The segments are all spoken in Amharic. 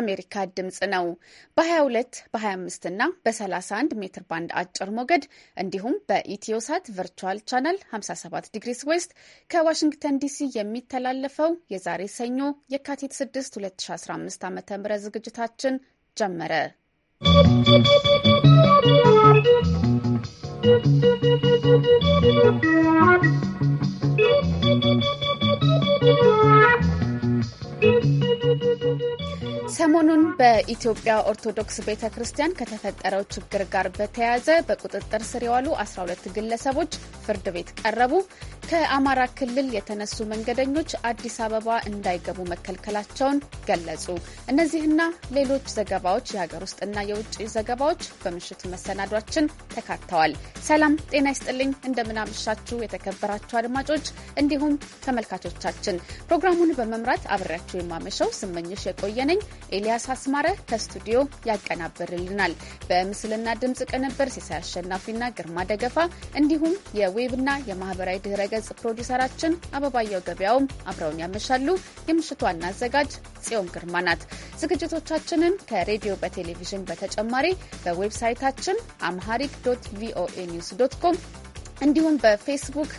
የአሜሪካ ድምፅ ነው። በ22 በ25 እና በ31 ሜትር ባንድ አጭር ሞገድ እንዲሁም በኢትዮሳት ቨርቹዋል ቻናል 57 ዲግሪስ ዌስት ከዋሽንግተን ዲሲ የሚተላለፈው የዛሬ ሰኞ የካቲት 6 2015 ዓ ም ዝግጅታችን ጀመረ። ¶¶ ሰሞኑን በኢትዮጵያ ኦርቶዶክስ ቤተ ክርስቲያን ከተፈጠረው ችግር ጋር በተያያዘ በቁጥጥር ስር የዋሉ 12 ግለሰቦች ፍርድ ቤት ቀረቡ። ከአማራ ክልል የተነሱ መንገደኞች አዲስ አበባ እንዳይገቡ መከልከላቸውን ገለጹ። እነዚህና ሌሎች ዘገባዎች፣ የሀገር ውስጥና የውጭ ዘገባዎች በምሽቱ መሰናዷችን ተካተዋል። ሰላም ጤና ይስጥልኝ። እንደምናመሻችሁ የተከበራችሁ አድማጮች እንዲሁም ተመልካቾቻችን ፕሮግራሙን በመምራት አብሬያችሁ የማመሸው ስመኝሽ የቆየነኝ ኤልያስ አስማረ ከስቱዲዮ ያቀናብርልናል። በምስልና ድምፅ ቅንብር ሲሳይ አሸናፊና ግርማ ደገፋ እንዲሁም የዌብና የማህበራዊ ድህረ ገጽ ፕሮዲሰራችን አበባየው ገበያውም አብረውን ያመሻሉ። የምሽቱ ዋና አዘጋጅ ጽዮን ግርማ ናት። ዝግጅቶቻችንን ከሬዲዮ በቴሌቪዥን በተጨማሪ በዌብሳይታችን አምሃሪክ ዶት ቪኦኤ ኒውስ ዶት ኮም እንዲሁም በፌስቡክ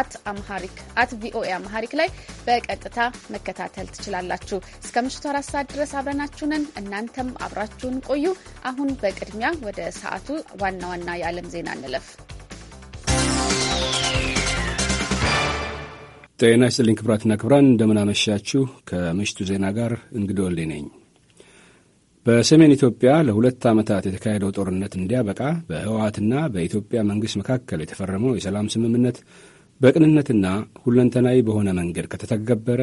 አት አምሃሪክ አት ቪኦኤ አምሃሪክ ላይ በቀጥታ መከታተል ትችላላችሁ። እስከ ምሽቱ አራት ሰዓት ድረስ አብረናችሁ እናንተም አብራችሁን ቆዩ። አሁን በቅድሚያ ወደ ሰዓቱ ዋና ዋና የዓለም ዜና እንለፍ። ጤና ይስጥልኝ ክብራትና ክብራን፣ እንደምናመሻችሁ። ከምሽቱ ዜና ጋር እንግዳ ወልዴ ነኝ። በሰሜን ኢትዮጵያ ለሁለት ዓመታት የተካሄደው ጦርነት እንዲያበቃ በህወሓትና በኢትዮጵያ መንግሥት መካከል የተፈረመው የሰላም ስምምነት በቅንነትና ሁለንተናዊ በሆነ መንገድ ከተተገበረ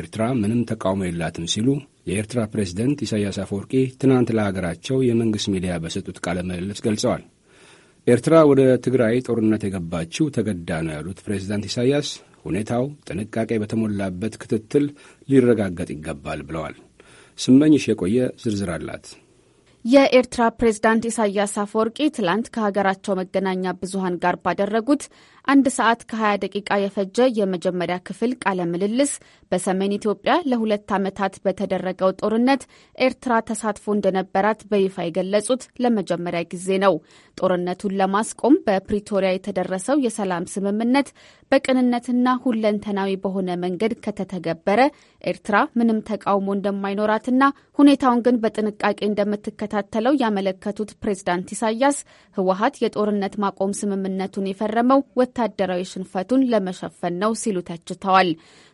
ኤርትራ ምንም ተቃውሞ የላትም ሲሉ የኤርትራ ፕሬዝደንት ኢሳያስ አፈወርቂ ትናንት ለሀገራቸው የመንግሥት ሚዲያ በሰጡት ቃለ ምልልስ ገልጸዋል። ኤርትራ ወደ ትግራይ ጦርነት የገባችው ተገዳ ነው ያሉት ፕሬዝደንት ኢሳያስ ሁኔታው ጥንቃቄ በተሞላበት ክትትል ሊረጋገጥ ይገባል ብለዋል። ስመኝሽ የቆየ ዝርዝር አላት። የኤርትራ ፕሬዝዳንት ኢሳያስ አፈወርቂ ትላንት ከሀገራቸው መገናኛ ብዙሃን ጋር ባደረጉት አንድ ሰዓት ከ20 ደቂቃ የፈጀ የመጀመሪያ ክፍል ቃለ ምልልስ በሰሜን ኢትዮጵያ ለሁለት ዓመታት በተደረገው ጦርነት ኤርትራ ተሳትፎ እንደነበራት በይፋ የገለጹት ለመጀመሪያ ጊዜ ነው። ጦርነቱን ለማስቆም በፕሪቶሪያ የተደረሰው የሰላም ስምምነት በቅንነትና ሁለንተናዊ በሆነ መንገድ ከተተገበረ ኤርትራ ምንም ተቃውሞ እንደማይኖራትና ሁኔታውን ግን በጥንቃቄ እንደምትከታተለው ያመለከቱት ፕሬዝዳንት ኢሳያስ ህወሀት የጦርነት ማቆም ስምምነቱን የፈረመው ወታ ወታደራዊ ሽንፈቱን ለመሸፈን ነው ሲሉ ተችተዋል።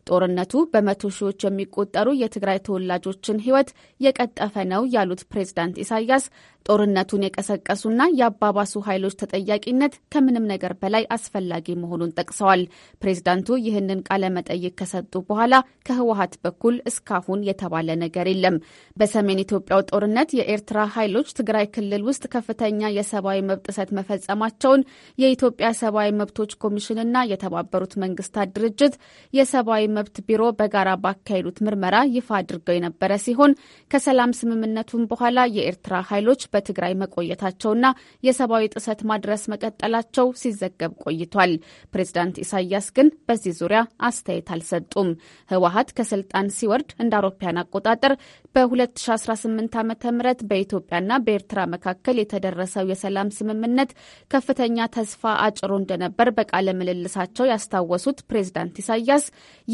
ጦርነቱ በመቶ ሺዎች የሚቆጠሩ የትግራይ ተወላጆችን ሕይወት የቀጠፈ ነው ያሉት ፕሬዝዳንት ኢሳያስ ጦርነቱን የቀሰቀሱና የአባባሱ ኃይሎች ተጠያቂነት ከምንም ነገር በላይ አስፈላጊ መሆኑን ጠቅሰዋል። ፕሬዝዳንቱ ይህንን ቃለ መጠይቅ ከሰጡ በኋላ ከህወሀት በኩል እስካሁን የተባለ ነገር የለም። በሰሜን ኢትዮጵያው ጦርነት የኤርትራ ኃይሎች ትግራይ ክልል ውስጥ ከፍተኛ የሰብአዊ መብት ጥሰት መፈጸማቸውን የኢትዮጵያ ሰብአዊ መብቶች ኮሚሽንና የተባበሩት መንግስታት ድርጅት የሰብአዊ መብት ቢሮ በጋራ ባካሄዱት ምርመራ ይፋ አድርገው የነበረ ሲሆን ከሰላም ስምምነቱም በኋላ የኤርትራ ኃይሎች በትግራይ መቆየታቸውና የሰብአዊ ጥሰት ማድረስ መቀጠላቸው ሲዘገብ ቆይቷል። ፕሬዚዳንት ኢሳያስ ግን በዚህ ዙሪያ አስተያየት አልሰጡም። ህወሀት ከስልጣን ሲወርድ እንደ አውሮፓያን አቆጣጠር በ2018 ዓ ም በኢትዮጵያና በኤርትራ መካከል የተደረሰው የሰላም ስምምነት ከፍተኛ ተስፋ አጭሮ እንደነበር በቃለ ምልልሳቸው ያስታወሱት ፕሬዚዳንት ኢሳያስ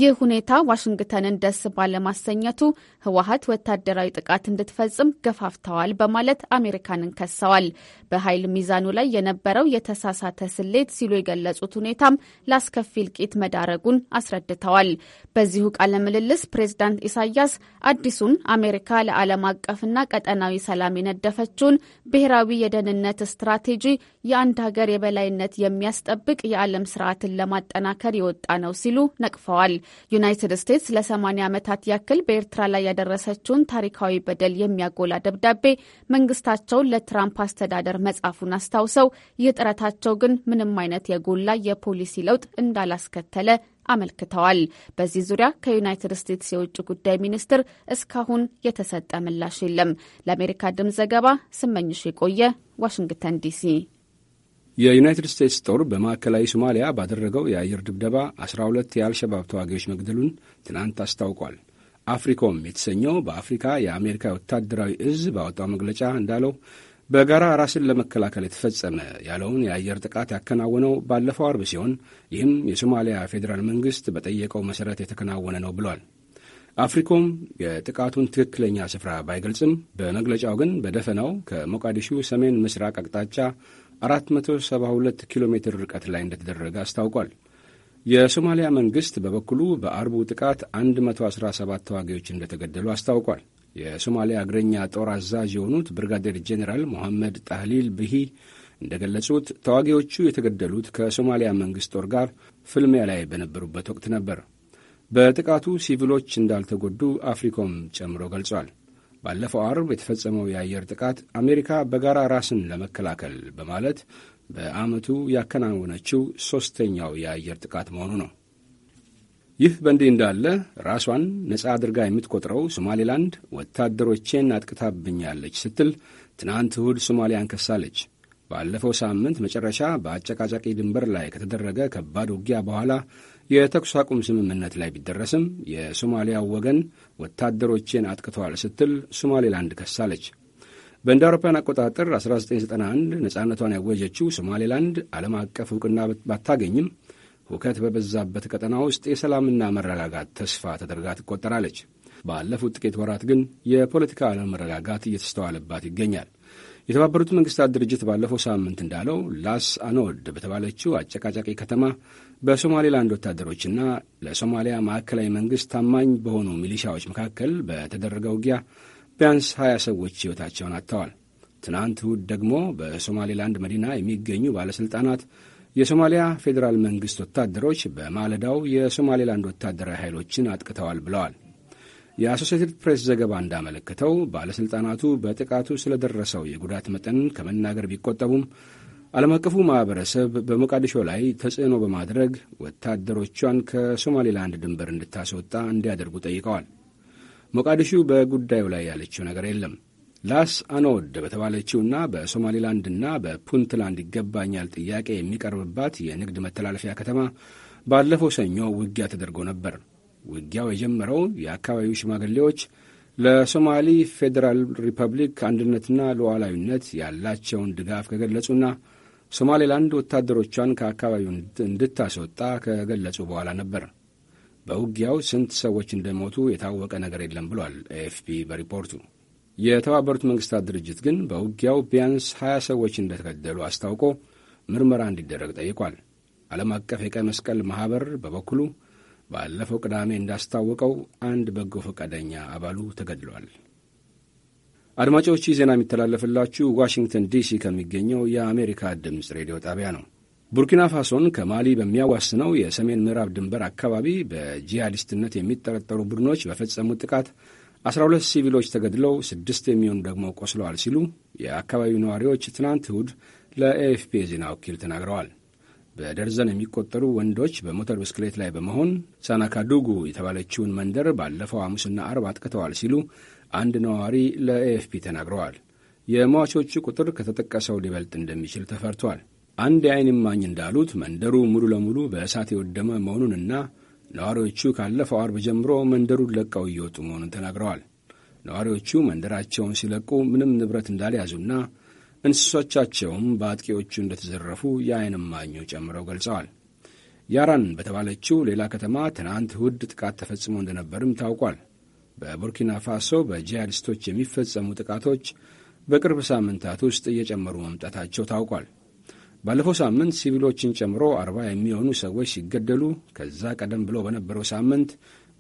ይህ ይህ ሁኔታ ዋሽንግተንን ደስ ባለማሰኘቱ ህወሀት ወታደራዊ ጥቃት እንድትፈጽም ገፋፍተዋል በማለት አሜሪካንን ከሰዋል። በኃይል ሚዛኑ ላይ የነበረው የተሳሳተ ስሌት ሲሉ የገለጹት ሁኔታም ለአስከፊ እልቂት መዳረጉን አስረድተዋል። በዚሁ ቃለ ምልልስ ፕሬዝዳንት ኢሳያስ አዲሱን አሜሪካ ለዓለም አቀፍና ቀጠናዊ ሰላም የነደፈችውን ብሔራዊ የደህንነት ስትራቴጂ የአንድ ሀገር የበላይነት የሚያስጠብቅ የዓለም ስርዓትን ለማጠናከር የወጣ ነው ሲሉ ነቅፈዋል። ዩናይትድ ስቴትስ ለ ዓመታት ያክል በኤርትራ ላይ ያደረሰችውን ታሪካዊ በደል የሚያጎላ ደብዳቤ መንግስታቸውን ለትራምፕ አስተዳደር መጻፉን አስታውሰው ይህ ጥረታቸው ግን ምንም አይነት የጎላ የፖሊሲ ለውጥ እንዳላስከተለ አመልክተዋል። በዚህ ዙሪያ ከዩናይትድ ስቴትስ የውጭ ጉዳይ ሚኒስትር እስካሁን የተሰጠ ምላሽ የለም። ለአሜሪካ ድምፅ ዘገባ ስመኝሽ የቆየ ዋሽንግተን ዲሲ የዩናይትድ ስቴትስ ጦር በማዕከላዊ ሶማሊያ ባደረገው የአየር ድብደባ 12 የአልሸባብ ተዋጊዎች መግደሉን ትናንት አስታውቋል። አፍሪኮም የተሰኘው በአፍሪካ የአሜሪካ ወታደራዊ እዝ ባወጣው መግለጫ እንዳለው በጋራ ራስን ለመከላከል የተፈጸመ ያለውን የአየር ጥቃት ያከናወነው ባለፈው አርብ ሲሆን ይህም የሶማሊያ ፌዴራል መንግስት በጠየቀው መሠረት የተከናወነ ነው ብሏል። አፍሪኮም የጥቃቱን ትክክለኛ ስፍራ ባይገልጽም በመግለጫው ግን በደፈናው ከሞቃዲሹ ሰሜን ምስራቅ አቅጣጫ 472 ኪሎ ሜትር ርቀት ላይ እንደተደረገ አስታውቋል። የሶማሊያ መንግሥት በበኩሉ በአርቡ ጥቃት 117 ተዋጊዎች እንደተገደሉ አስታውቋል። የሶማሊያ እግረኛ ጦር አዛዥ የሆኑት ብርጋዴር ጄኔራል ሞሐመድ ጣህሊል ብሂ እንደገለጹት ተዋጊዎቹ የተገደሉት ከሶማሊያ መንግሥት ጦር ጋር ፍልሚያ ላይ በነበሩበት ወቅት ነበር። በጥቃቱ ሲቪሎች እንዳልተጎዱ አፍሪኮም ጨምሮ ገልጿል። ባለፈው አርብ የተፈጸመው የአየር ጥቃት አሜሪካ በጋራ ራስን ለመከላከል በማለት በዓመቱ ያከናወነችው ሦስተኛው የአየር ጥቃት መሆኑ ነው። ይህ በእንዲህ እንዳለ ራሷን ነጻ አድርጋ የምትቆጥረው ሶማሌላንድ ወታደሮቼን አጥቅታብኛለች ስትል ትናንት እሁድ ሶማሊያን ከሳለች። ባለፈው ሳምንት መጨረሻ በአጨቃጫቂ ድንበር ላይ ከተደረገ ከባድ ውጊያ በኋላ የተኩስ አቁም ስምምነት ላይ ቢደረስም የሶማሊያው ወገን ወታደሮችን አጥቅተዋል ስትል ሶማሌላንድ ከሳለች። በእንደ አውሮፓውያን አቆጣጠር 1991 ነፃነቷን ያወጀችው ሶማሌላንድ ዓለም አቀፍ እውቅና ባታገኝም ሁከት በበዛበት ቀጠና ውስጥ የሰላምና መረጋጋት ተስፋ ተደርጋ ትቆጠራለች። ባለፉት ጥቂት ወራት ግን የፖለቲካ አለመረጋጋት እየተስተዋለባት ይገኛል። የተባበሩት መንግስታት ድርጅት ባለፈው ሳምንት እንዳለው ላስ አኖድ በተባለችው አጨቃጫቂ ከተማ በሶማሌላንድ ወታደሮችና ለሶማሊያ ማዕከላዊ መንግሥት ታማኝ በሆኑ ሚሊሻዎች መካከል በተደረገ ውጊያ ቢያንስ 20 ሰዎች ሕይወታቸውን አጥተዋል። ትናንት እሁድ ደግሞ በሶማሌላንድ መዲና የሚገኙ ባለሥልጣናት የሶማሊያ ፌዴራል መንግሥት ወታደሮች በማለዳው የሶማሌላንድ ወታደራዊ ኃይሎችን አጥቅተዋል ብለዋል። የአሶሴትድ ፕሬስ ዘገባ እንዳመለከተው ባለሥልጣናቱ በጥቃቱ ስለደረሰው የጉዳት መጠን ከመናገር ቢቆጠቡም ዓለም አቀፉ ማኅበረሰብ በሞቃዲሾ ላይ ተጽዕኖ በማድረግ ወታደሮቿን ከሶማሌላንድ ድንበር እንድታስወጣ እንዲያደርጉ ጠይቀዋል። ሞቃዲሹ በጉዳዩ ላይ ያለችው ነገር የለም። ላስ አኖድ በተባለችውና በሶማሌላንድና በፑንትላንድ ይገባኛል ጥያቄ የሚቀርብባት የንግድ መተላለፊያ ከተማ ባለፈው ሰኞ ውጊያ ተደርጎ ነበር። ውጊያው የጀመረው የአካባቢው ሽማግሌዎች ለሶማሊ ፌዴራል ሪፐብሊክ አንድነትና ሉዓላዊነት ያላቸውን ድጋፍ ከገለጹና ሶማሌላንድ ወታደሮቿን ከአካባቢው እንድታስወጣ ከገለጹ በኋላ ነበር። በውጊያው ስንት ሰዎች እንደሞቱ የታወቀ ነገር የለም ብሏል ኤኤፍፒ በሪፖርቱ። የተባበሩት መንግስታት ድርጅት ግን በውጊያው ቢያንስ 20 ሰዎች እንደተገደሉ አስታውቆ ምርመራ እንዲደረግ ጠይቋል። ዓለም አቀፍ የቀይ መስቀል ማኅበር በበኩሉ ባለፈው ቅዳሜ እንዳስታወቀው አንድ በጎ ፈቃደኛ አባሉ ተገድሏል። አድማጮች ዜና የሚተላለፍላችሁ ዋሽንግተን ዲሲ ከሚገኘው የአሜሪካ ድምፅ ሬዲዮ ጣቢያ ነው። ቡርኪና ፋሶን ከማሊ በሚያዋስነው የሰሜን ምዕራብ ድንበር አካባቢ በጂሃዲስትነት የሚጠረጠሩ ቡድኖች በፈጸሙት ጥቃት 12 ሲቪሎች ተገድለው ስድስት የሚሆኑ ደግሞ ቆስለዋል ሲሉ የአካባቢው ነዋሪዎች ትናንት እሁድ ለኤኤፍፒ የዜና ወኪል ተናግረዋል። በደርዘን የሚቆጠሩ ወንዶች በሞተር ብስክሌት ላይ በመሆን ሳናካዱጉ የተባለችውን መንደር ባለፈው ሐሙስና አርብ አጥቅተዋል ሲሉ አንድ ነዋሪ ለኤኤፍፒ ተናግረዋል። የሟቾቹ ቁጥር ከተጠቀሰው ሊበልጥ እንደሚችል ተፈርቷል። አንድ የዓይን እማኝ እንዳሉት መንደሩ ሙሉ ለሙሉ በእሳት የወደመ መሆኑንና ነዋሪዎቹ ካለፈው አርብ ጀምሮ መንደሩን ለቀው እየወጡ መሆኑን ተናግረዋል። ነዋሪዎቹ መንደራቸውን ሲለቁ ምንም ንብረት እንዳልያዙና እንስሶቻቸውም በአጥቂዎቹ እንደተዘረፉ የዓይን እማኙ ጨምረው ገልጸዋል። ያራን በተባለችው ሌላ ከተማ ትናንት እሁድ ጥቃት ተፈጽሞ እንደነበርም ታውቋል። በቡርኪና ፋሶ በጂሃዲስቶች የሚፈጸሙ ጥቃቶች በቅርብ ሳምንታት ውስጥ እየጨመሩ መምጣታቸው ታውቋል። ባለፈው ሳምንት ሲቪሎችን ጨምሮ አርባ የሚሆኑ ሰዎች ሲገደሉ ከዛ ቀደም ብሎ በነበረው ሳምንት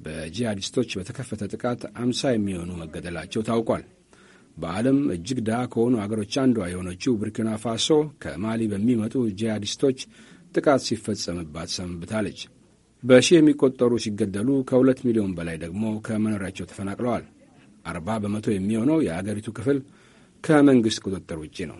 በጂሃዲስቶች በተከፈተ ጥቃት አምሳ የሚሆኑ መገደላቸው ታውቋል። በዓለም እጅግ ድሃ ከሆኑ አገሮች አንዷ የሆነችው ቡርኪና ፋሶ ከማሊ በሚመጡ ጂሃዲስቶች ጥቃት ሲፈጸምባት ሰንብታለች። በሺህ የሚቆጠሩ ሲገደሉ ከሁለት ሚሊዮን በላይ ደግሞ ከመኖሪያቸው ተፈናቅለዋል። አርባ በመቶ የሚሆነው የአገሪቱ ክፍል ከመንግሥት ቁጥጥር ውጪ ነው።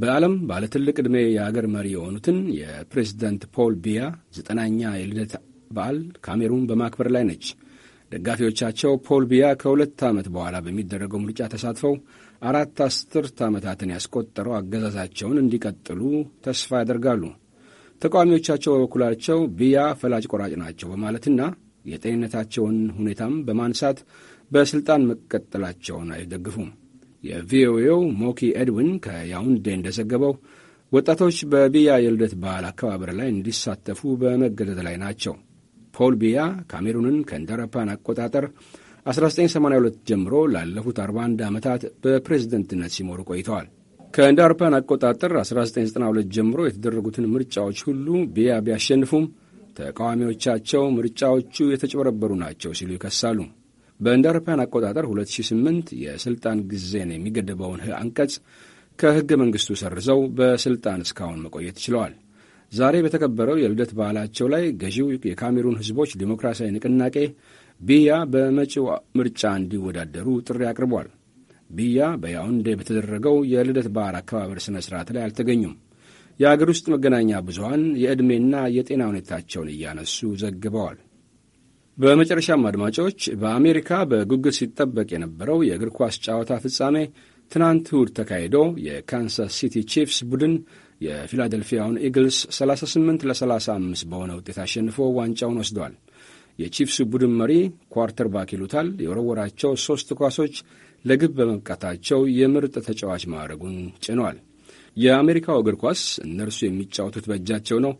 በዓለም ባለ ትልቅ ዕድሜ የአገር መሪ የሆኑትን የፕሬዚደንት ፖል ቢያ ዘጠናኛ የልደት በዓል ካሜሩን በማክበር ላይ ነች። ደጋፊዎቻቸው ፖል ቢያ ከሁለት ዓመት በኋላ በሚደረገው ምርጫ ተሳትፈው አራት አስርት ዓመታትን ያስቆጠረው አገዛዛቸውን እንዲቀጥሉ ተስፋ ያደርጋሉ። ተቃዋሚዎቻቸው በበኩላቸው ብያ ፈላጭ ቆራጭ ናቸው በማለትና የጤንነታቸውን ሁኔታም በማንሳት በሥልጣን መቀጠላቸውን አይደግፉም። የቪኦኤው ሞኪ ኤድዊን ከያውንዴ እንደዘገበው ወጣቶች በቢያ የልደት በዓል አከባበር ላይ እንዲሳተፉ በመገደድ ላይ ናቸው። ፖል ቢያ ካሜሩንን ከእንደ አውሮፓውያን አቆጣጠር 1982 ጀምሮ ላለፉት 41 ዓመታት በፕሬዝደንትነት ሲሞሩ ቆይተዋል። ከእንደ አውሮፓውያን አቆጣጠር 1992 ጀምሮ የተደረጉትን ምርጫዎች ሁሉ ቢያ ቢያሸንፉም ተቃዋሚዎቻቸው ምርጫዎቹ የተጭበረበሩ ናቸው ሲሉ ይከሳሉ። በእንደ አውሮፓውያን አቆጣጠር 2008 የሥልጣን ጊዜን ህ አንቀጽ ከሕገ መንግሥቱ ሰርዘው በሥልጣን እስካሁን መቆየት ችለዋል። ዛሬ በተከበረው የልደት በዓላቸው ላይ ገዢው የካሜሩን ሕዝቦች ዲሞክራሲያዊ ንቅናቄ ቢያ በመጪው ምርጫ እንዲወዳደሩ ጥሪ አቅርቧል። ብያ በያውንዴ በተደረገው የልደት በዓል አከባበር ሥነ ሥርዓት ላይ አልተገኙም። የአገር ውስጥ መገናኛ ብዙሃን የዕድሜና የጤና ሁኔታቸውን እያነሱ ዘግበዋል። በመጨረሻም አድማጮች በአሜሪካ በጉጉት ሲጠበቅ የነበረው የእግር ኳስ ጨዋታ ፍጻሜ ትናንት እሁድ ተካሂዶ የካንሳስ ሲቲ ቺፍስ ቡድን የፊላደልፊያውን ኢግልስ 38 ለ35 በሆነ ውጤት አሸንፎ ዋንጫውን ወስዷል። የቺፍስ ቡድን መሪ ኳርተር ባክ ይሉታል የወረወራቸው ሦስት ኳሶች ለግብ በመብቃታቸው የምርጥ ተጫዋች ማዕረጉን ጭኗል። የአሜሪካው እግር ኳስ እነርሱ የሚጫወቱት በእጃቸው ነው፣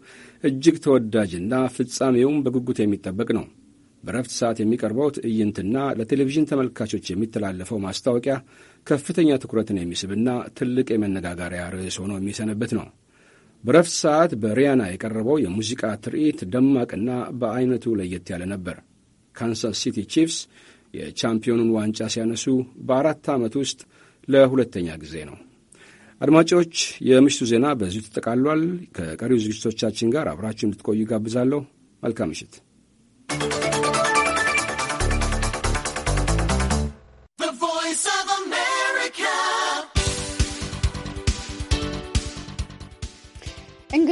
እጅግ ተወዳጅና ፍጻሜውም በጉጉት የሚጠበቅ ነው። በረፍት ሰዓት የሚቀርበው ትዕይንትና ለቴሌቪዥን ተመልካቾች የሚተላለፈው ማስታወቂያ ከፍተኛ ትኩረትን የሚስብና ትልቅ የመነጋገሪያ ርዕስ ሆኖ የሚሰነበት ነው። በረፍት ሰዓት በሪያና የቀረበው የሙዚቃ ትርኢት ደማቅና በአይነቱ ለየት ያለ ነበር። ካንሳስ ሲቲ ቺፍስ የቻምፒዮኑን ዋንጫ ሲያነሱ በአራት ዓመት ውስጥ ለሁለተኛ ጊዜ ነው። አድማጮች፣ የምሽቱ ዜና በዚሁ ተጠቃሏል። ከቀሪው ዝግጅቶቻችን ጋር አብራችሁ እንድትቆዩ ጋብዛለሁ። መልካም ምሽት።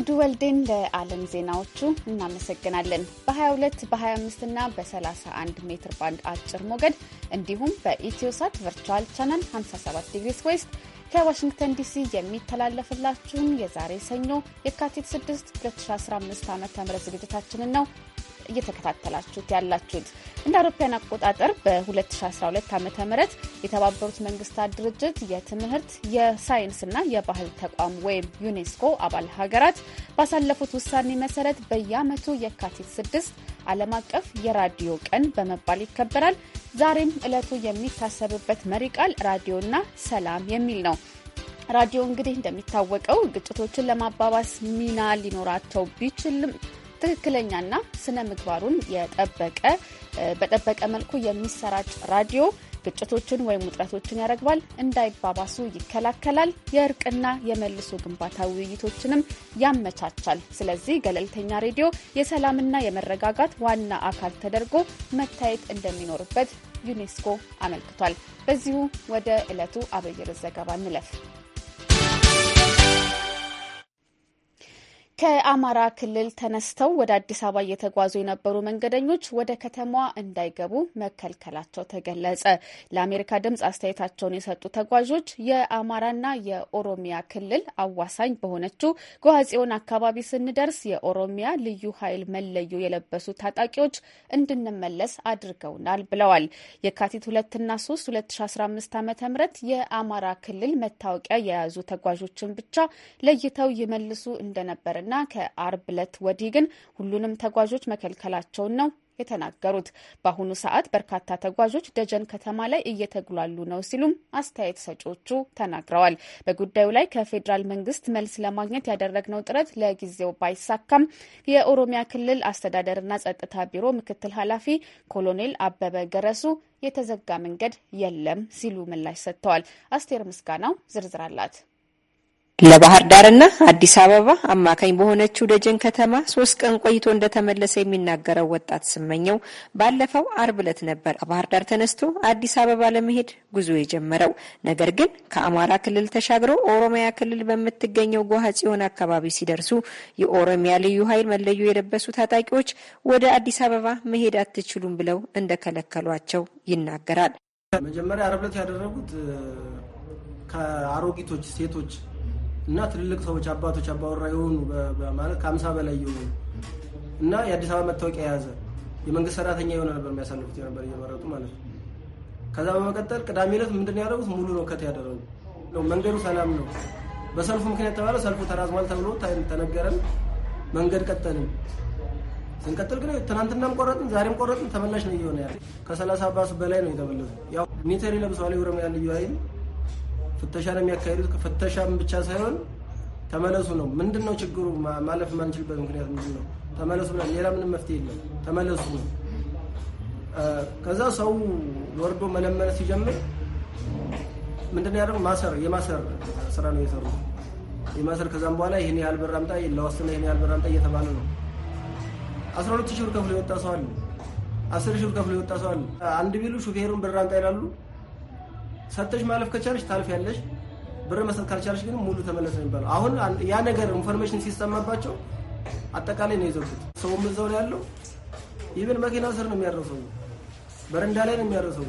እንግዱ ወልዴን ለዓለም ዜናዎቹ እናመሰግናለን። በ22 በ25 እና በ31 ሜትር ባንድ አጭር ሞገድ እንዲሁም በኢትዮሳት ቨርቹዋል ቻናል 57 ዲግሪ ስዌስት ከዋሽንግተን ዲሲ የሚተላለፍላችሁን የዛሬ ሰኞ የካቲት 6 2015 ዓ ም ዝግጅታችንን ነው እየተከታተላችሁት ያላችሁት። እንደ አውሮፓውያን አቆጣጠር በ2012 ዓ ም የተባበሩት መንግስታት ድርጅት የትምህርት የሳይንስና የባህል ተቋም ወይም ዩኔስኮ አባል ሀገራት ባሳለፉት ውሳኔ መሰረት በየአመቱ የካቲት ስድስት ዓለም አቀፍ የራዲዮ ቀን በመባል ይከበራል። ዛሬም ዕለቱ የሚታሰብበት መሪ ቃል ራዲዮና ሰላም የሚል ነው። ራዲዮ እንግዲህ እንደሚታወቀው ግጭቶችን ለማባባስ ሚና ሊኖራቸው ቢችልም ትክክለኛና ስነ ምግባሩን የጠበቀ በጠበቀ መልኩ የሚሰራጭ ራዲዮ ግጭቶችን ወይም ውጥረቶችን ያረግባል፣ እንዳይባባሱ ይከላከላል፣ የእርቅና የመልሶ ግንባታ ውይይቶችንም ያመቻቻል። ስለዚህ ገለልተኛ ሬዲዮ የሰላምና የመረጋጋት ዋና አካል ተደርጎ መታየት እንደሚኖርበት ዩኔስኮ አመልክቷል። በዚሁ ወደ ዕለቱ አበይት ዘገባ እንለፍ። ከአማራ ክልል ተነስተው ወደ አዲስ አበባ እየተጓዙ የነበሩ መንገደኞች ወደ ከተማዋ እንዳይገቡ መከልከላቸው ተገለጸ። ለአሜሪካ ድምጽ አስተያየታቸውን የሰጡ ተጓዦች የአማራና የኦሮሚያ ክልል አዋሳኝ በሆነችው ጎሐጽዮን አካባቢ ስንደርስ የኦሮሚያ ልዩ ኃይል መለዮ የለበሱ ታጣቂዎች እንድንመለስ አድርገውናል ብለዋል። የካቲት ሁለትና ሶስት ሁለት ሺ አስራ አምስት ዓመተ ምህረት የአማራ ክልል መታወቂያ የያዙ ተጓዦችን ብቻ ለይተው ይመልሱ እንደነበረ ትናንትናና ከአርብ ዕለት ወዲህ ግን ሁሉንም ተጓዦች መከልከላቸውን ነው የተናገሩት። በአሁኑ ሰዓት በርካታ ተጓዦች ደጀን ከተማ ላይ እየተጉላሉ ነው ሲሉም አስተያየት ሰጪዎቹ ተናግረዋል። በጉዳዩ ላይ ከፌዴራል መንግስት መልስ ለማግኘት ያደረግነው ጥረት ለጊዜው ባይሳካም የኦሮሚያ ክልል አስተዳደርና ጸጥታ ቢሮ ምክትል ኃላፊ ኮሎኔል አበበ ገረሱ የተዘጋ መንገድ የለም ሲሉ ምላሽ ሰጥተዋል። አስቴር ምስጋናው ዝርዝር አላት። ለባህር ዳርና አዲስ አበባ አማካኝ በሆነችው ደጀን ከተማ ሶስት ቀን ቆይቶ እንደተመለሰ የሚናገረው ወጣት ስመኘው ባለፈው አርብ ዕለት ነበር ከባህር ዳር ተነስቶ አዲስ አበባ ለመሄድ ጉዞ የጀመረው። ነገር ግን ከአማራ ክልል ተሻግሮ ኦሮሚያ ክልል በምትገኘው ጓሃ ጽዮን አካባቢ ሲደርሱ የኦሮሚያ ልዩ ኃይል መለዮ የለበሱ ታጣቂዎች ወደ አዲስ አበባ መሄድ አትችሉም ብለው እንደከለከሏቸው ይናገራል። መጀመሪያ አርብ ዕለት ያደረጉት ከአሮጊቶች ሴቶች እና ትልልቅ ሰዎች አባቶች አባወራ የሆኑ ማለት ከአምሳ በላይ የሆኑ እና የአዲስ አበባ መታወቂያ የያዘ የመንግስት ሰራተኛ የሆነ ነበር የሚያሳልፉት ነበር እየመረጡ ማለት ነው። ከዛ በመቀጠል ቅዳሜ ዕለት ምንድን ያደረጉት ሙሉ ነው ከት ያደረጉ መንገዱ ሰላም ነው በሰልፉ ምክንያት ተባለ። ሰልፉ ተራዝሟል ተብሎ ተነገረን። መንገድ ቀጠልን። ስንቀጥል ግን ትናንትናም ቆረጥን፣ ዛሬም ቆረጥን። ተመላሽ ነው እየሆነ ያለ ከሰላሳ ባስ በላይ ነው የተመለሱ ያው ሚኒተሪ ለብሰዋል የኦሮሚያ ልዩ ኃይል ነው የሚያካሂዱት ፍተሻም ብቻ ሳይሆን ተመለሱ ነው። ምንድን ነው ችግሩ? ማለፍ የማንችልበት ምክንያት ምንድን ነው? ተመለሱ ብላ ሌላ ምንም መፍትሄ የለም። ተመለሱ ነው። ከዛ ሰው ወርዶ መለመን ሲጀምር ምንድን ነው ማሰር የማሰር ስራ ነው የሰሩ የማሰር። ከዛም በኋላ ይህን ያህል ብር አምጣ፣ ለዋስትና ይህን ያህል ብር አምጣ እየተባለ ነው። አስራ ሁለት ሺህ ብር ከፍሎ የወጣ ሰው አለ። አስር ሺህ ብር ከፍሎ የወጣ ሰው አለ። አንድ ቢሉ ሹፌሩን ብር አምጣ ይላሉ። ሰተሽ ማለፍ ከቻለሽ ታልፊያለሽ። ብር መስጠት ካልቻለሽ ግን ሙሉ ተመለስ ነው የሚባለው። አሁን ያ ነገር ኢንፎርሜሽን ሲሰማባቸው አጠቃላይ ነው የዘጉት። ሰውም እዛው ነው ያለው። ይህን መኪና ስር ነው የሚያረሰው በረንዳ ላይ ነው የሚያረሰው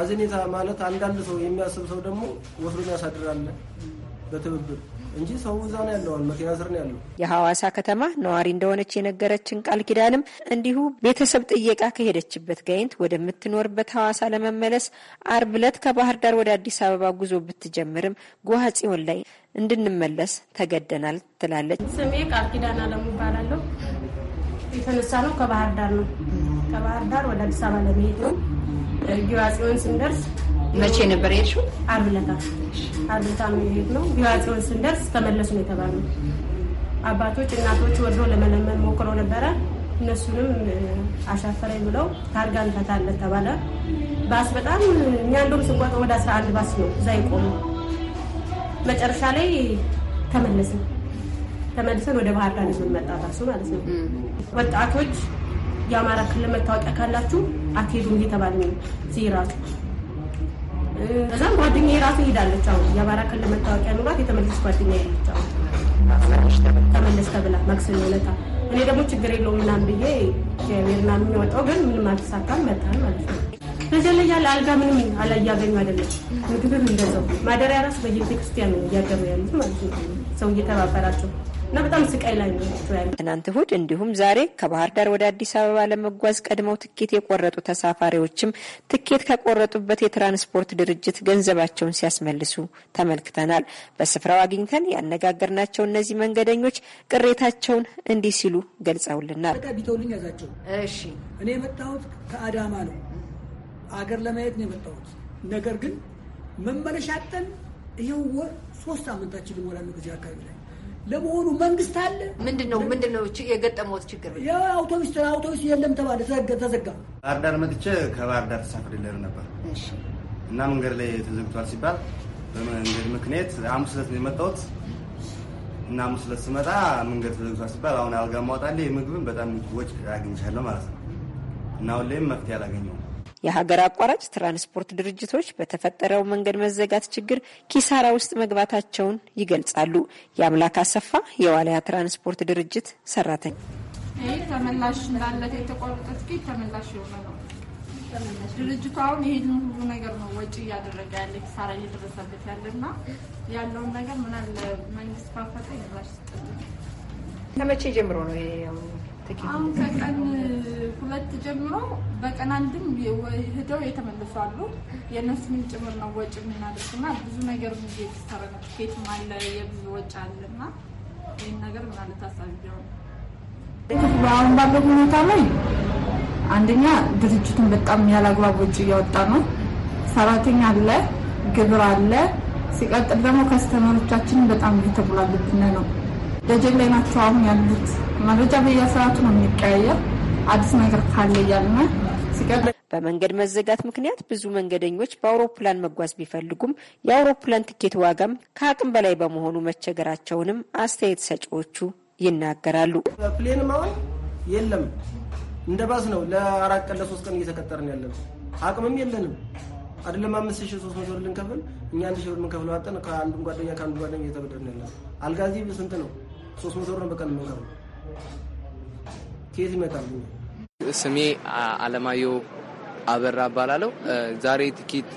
አዘኔታ ማለት አንዳንድ ሰው የሚያስብ ሰው ደግሞ ወስዶ ያሳድራል በትብብር እንጂ ሰው እዛ ነው ያለው፣ መኪና ስር ነው ያለው። የሐዋሳ ከተማ ነዋሪ እንደሆነች የነገረችን ቃል ኪዳንም እንዲሁ ቤተሰብ ጥየቃ ከሄደችበት ጋይንት ወደምትኖርበት ሐዋሳ ለመመለስ አርብ ዕለት ከባህር ዳር ወደ አዲስ አበባ ጉዞ ብትጀምርም ጎሃ ጽዮን ላይ እንድንመለስ ተገደናል ትላለች። ስሜ ቃል ኪዳን አለም ይባላለሁ። የተነሳ ነው ከባህር ዳር ነው። ከባህር ዳር ወደ አዲስ አበባ ለመሄድ ነው ጊዋ ስንደርስ መቼ ነበር የሄድሽው? አርብ ዕለት አርብ ዕለት ነው የሄድነው። ጊዋ ጽዮን ስንደርስ ተመለሱ ነው የተባለው። አባቶች እናቶች ወርዶ ለመለመን ሞክረው ነበረ። እነሱንም አሻፈረኝ ብለው ታርጋ እንፈታለን ተባለ። ባስ በጣም እኛ እንደውም ስንቆጠ ወደ አስራ አንድ ባስ ነው እዛ ይቆሙ። መጨረሻ ላይ ተመለስን። ተመልሰን ወደ ባህር ዳር ይዞን መጣ ባሱ ማለት ነው ወጣቶች የአማራ ክልል መታወቂያ ካላችሁ አትሄዱም እየተባልን ነው። እዚህ ራሱ እዛም ጓደኛ ራሱ ሄዳለች። አሁን የአማራ ክልል መታወቂያ ኑራት የተመለስ ጓደኛ ሄዳለች። ተመለስ ተብላ ማክሰኞ ዕለት እኔ ደግሞ ችግር የለውም ምናምን ብዬ እግዚአብሔርና የሚወጣው ግን ምንም አልተሳካም። መታል ማለት ነው በዚያ ላይ ያለ አልጋ ምንም አላያገኙ አይደለም። ምግብም እንደዛው ማደሪያ ራሱ ነው እያገሩ ያሉት ማለት ነው ሰው እየተባበራቸው እና በጣም ስቃይ ላይ ነው ትናንት እሁድ እንዲሁም ዛሬ ከባህር ዳር ወደ አዲስ አበባ ለመጓዝ ቀድመው ትኬት የቆረጡ ተሳፋሪዎችም ትኬት ከቆረጡበት የትራንስፖርት ድርጅት ገንዘባቸውን ሲያስመልሱ ተመልክተናል። በስፍራው አግኝተን ያነጋገርናቸው እነዚህ መንገደኞች ቅሬታቸውን እንዲህ ሲሉ ገልጸውልናል። ቢተውልኝ ያዛቸው። እሺ እኔ የመጣሁት ከአዳማ ነው፣ አገር ለማየት ነው የመጣሁት። ነገር ግን መመለሻጠን ይኸው ወር ሶስት ሳምንታችን ሊሞላ እዚህ አካባቢ ላይ ለመሆኑ መንግስት አለ? ምንድን ነው ምንድን ነው የገጠመው ችግር? አውቶቡስ አውቶቢስ የለም ተባለ፣ ተዘጋ። ባህር ዳር መጥቼ ከባህር ዳር ተሳፍሬልህ ነበር እና መንገድ ላይ ተዘግቷል ሲባል በመንገድ ምክንያት ሐሙስ ዕለት ነው የመጣሁት እና ሐሙስ ዕለት ስመጣ መንገድ ተዘግቷል ሲባል አሁን አልጋ ማውጣ ምግብን በጣም ወጭ አግኝቻለሁ ማለት ነው እና አሁን ላይም መፍትሄ አላገኘሁም የሀገር አቋራጭ ትራንስፖርት ድርጅቶች በተፈጠረው መንገድ መዘጋት ችግር ኪሳራ ውስጥ መግባታቸውን ይገልጻሉ። የአምላክ አሰፋ የዋልያ ትራንስፖርት ድርጅት ሰራተኛ ይህ ተመላሽ እንዳለት የተቋረጠ ትኬት ተመላሽ የሆነ ነው። ድርጅቱ አሁን ይህን ሁሉ ነገር ነው ወጪ እያደረገ ያለ ኪሳራ እየደረሰበት ያለ ያለና ያለውን ነገር ምናል መንግስት ባፈጠ ይመላሽ። ከመቼ ጀምሮ ነው አሁን ከቀን ሁለት ጀምሮ በቀን አንድም ሄደው የተመለሱ አሉ። የእነሱንም ጭምር ነው ወጪ የምናደርግና ብዙ ነገር የተሰራ ነው። ኬትም አለ የብዙ ወጪ አለና ይህን ነገር ምናለት አሳቢ አሁን ባለው ሁኔታ ላይ አንደኛ ድርጅቱን በጣም ያላግባብ ወጪ እያወጣ ነው። ሰራተኛ አለ፣ ግብር አለ። ሲቀጥል ደግሞ ከስተመሮቻችን በጣም እየተጉላሉብን ነው ደጀን ላይ ናቸው አሁን ያሉት። መረጃ በየሰዓቱ ነው የሚቀያየር። አዲስ ነገር ካለ እያልና ሲቀጥል በመንገድ መዘጋት ምክንያት ብዙ መንገደኞች በአውሮፕላን መጓዝ ቢፈልጉም የአውሮፕላን ትኬት ዋጋም ከአቅም በላይ በመሆኑ መቸገራቸውንም አስተያየት ሰጪዎቹ ይናገራሉ። ፕሌን ማዋል የለም እንደ ባስ ነው። ለአራት ቀን ለሶስት ቀን እየተቀጠርን ያለን አቅምም የለንም። አይደለም አምስት ሺ ሶስት መቶ ልንከፍል እኛ አንድ ሺ ብር ምንከፍለው አጠን ከአንዱ ጓደኛ ከአንዱ ጓደኛ እየተበደርን ያለን አልጋዚ ስንት ነው? ሶስት መቶ ብር በቀን ከየት ይመጣል? ስሜ አለማየሁ አበራ እባላለሁ። ዛሬ ትኬት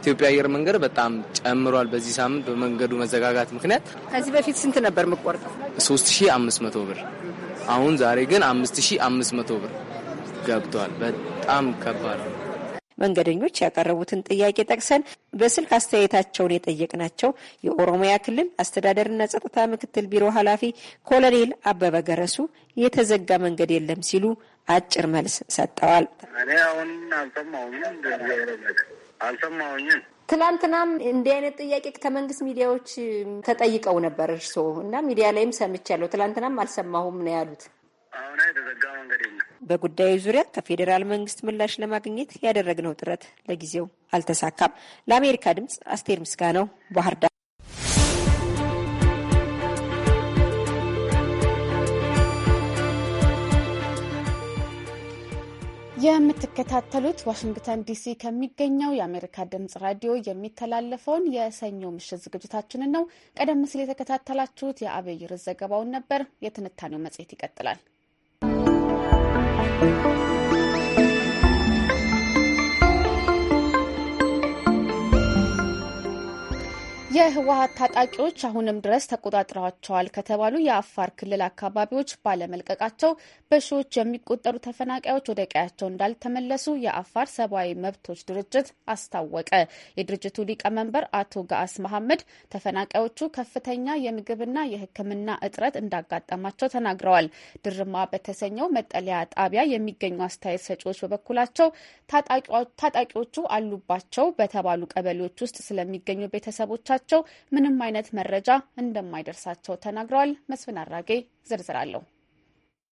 ኢትዮጵያ አየር መንገድ በጣም ጨምሯል። በዚህ ሳምንት በመንገዱ መዘጋጋት ምክንያት ከዚህ በፊት ስንት ነበር የምትቆርጠው? 3500 ብር። አሁን ዛሬ ግን 5500 ብር ገብቷል። በጣም ከባድ ነው። መንገደኞች ያቀረቡትን ጥያቄ ጠቅሰን በስልክ አስተያየታቸውን የጠየቅናቸው የኦሮሚያ ክልል አስተዳደርና ጸጥታ ምክትል ቢሮ ኃላፊ ኮሎኔል አበበ ገረሱ የተዘጋ መንገድ የለም ሲሉ አጭር መልስ ሰጥተዋል። እኔ አሁን አልሰማሁኝም ትላንትናም እንዲህ አይነት ጥያቄ ከመንግስት ሚዲያዎች ተጠይቀው ነበር እርስዎ እና ሚዲያ ላይም ሰምቻለሁ። ትላንትናም አልሰማሁም ነው ያሉት። አሁን የተዘጋ መንገድ የለም። በጉዳዩ ዙሪያ ከፌዴራል መንግስት ምላሽ ለማግኘት ያደረግነው ጥረት ለጊዜው አልተሳካም። ለአሜሪካ ድምጽ አስቴር ምስጋናው ባህር ዳር። የምትከታተሉት ዋሽንግተን ዲሲ ከሚገኘው የአሜሪካ ድምጽ ራዲዮ የሚተላለፈውን የሰኞ ምሽት ዝግጅታችንን ነው። ቀደም ሲል የተከታተላችሁት የአብይርስ ዘገባውን ነበር። የትንታኔው መጽሔት ይቀጥላል። የህወሀት ታጣቂዎች አሁንም ድረስ ተቆጣጥረዋቸዋል ከተባሉ የአፋር ክልል አካባቢዎች ባለመልቀቃቸው በሺዎች የሚቆጠሩ ተፈናቃዮች ወደ ቀያቸው እንዳልተመለሱ የአፋር ሰብአዊ መብቶች ድርጅት አስታወቀ። የድርጅቱ ሊቀመንበር አቶ ጋአስ መሐመድ ተፈናቃዮቹ ከፍተኛ የምግብና የሕክምና እጥረት እንዳጋጠማቸው ተናግረዋል። ድርማ በተሰኘው መጠለያ ጣቢያ የሚገኙ አስተያየት ሰጪዎች በበኩላቸው ታጣቂዎቹ አሉባቸው በተባሉ ቀበሌዎች ውስጥ ስለሚገኙ ቤተሰቦቻቸው በመሆናቸው ምንም አይነት መረጃ እንደማይደርሳቸው ተናግረዋል። መስፍን አራጌ ዝርዝር አለው።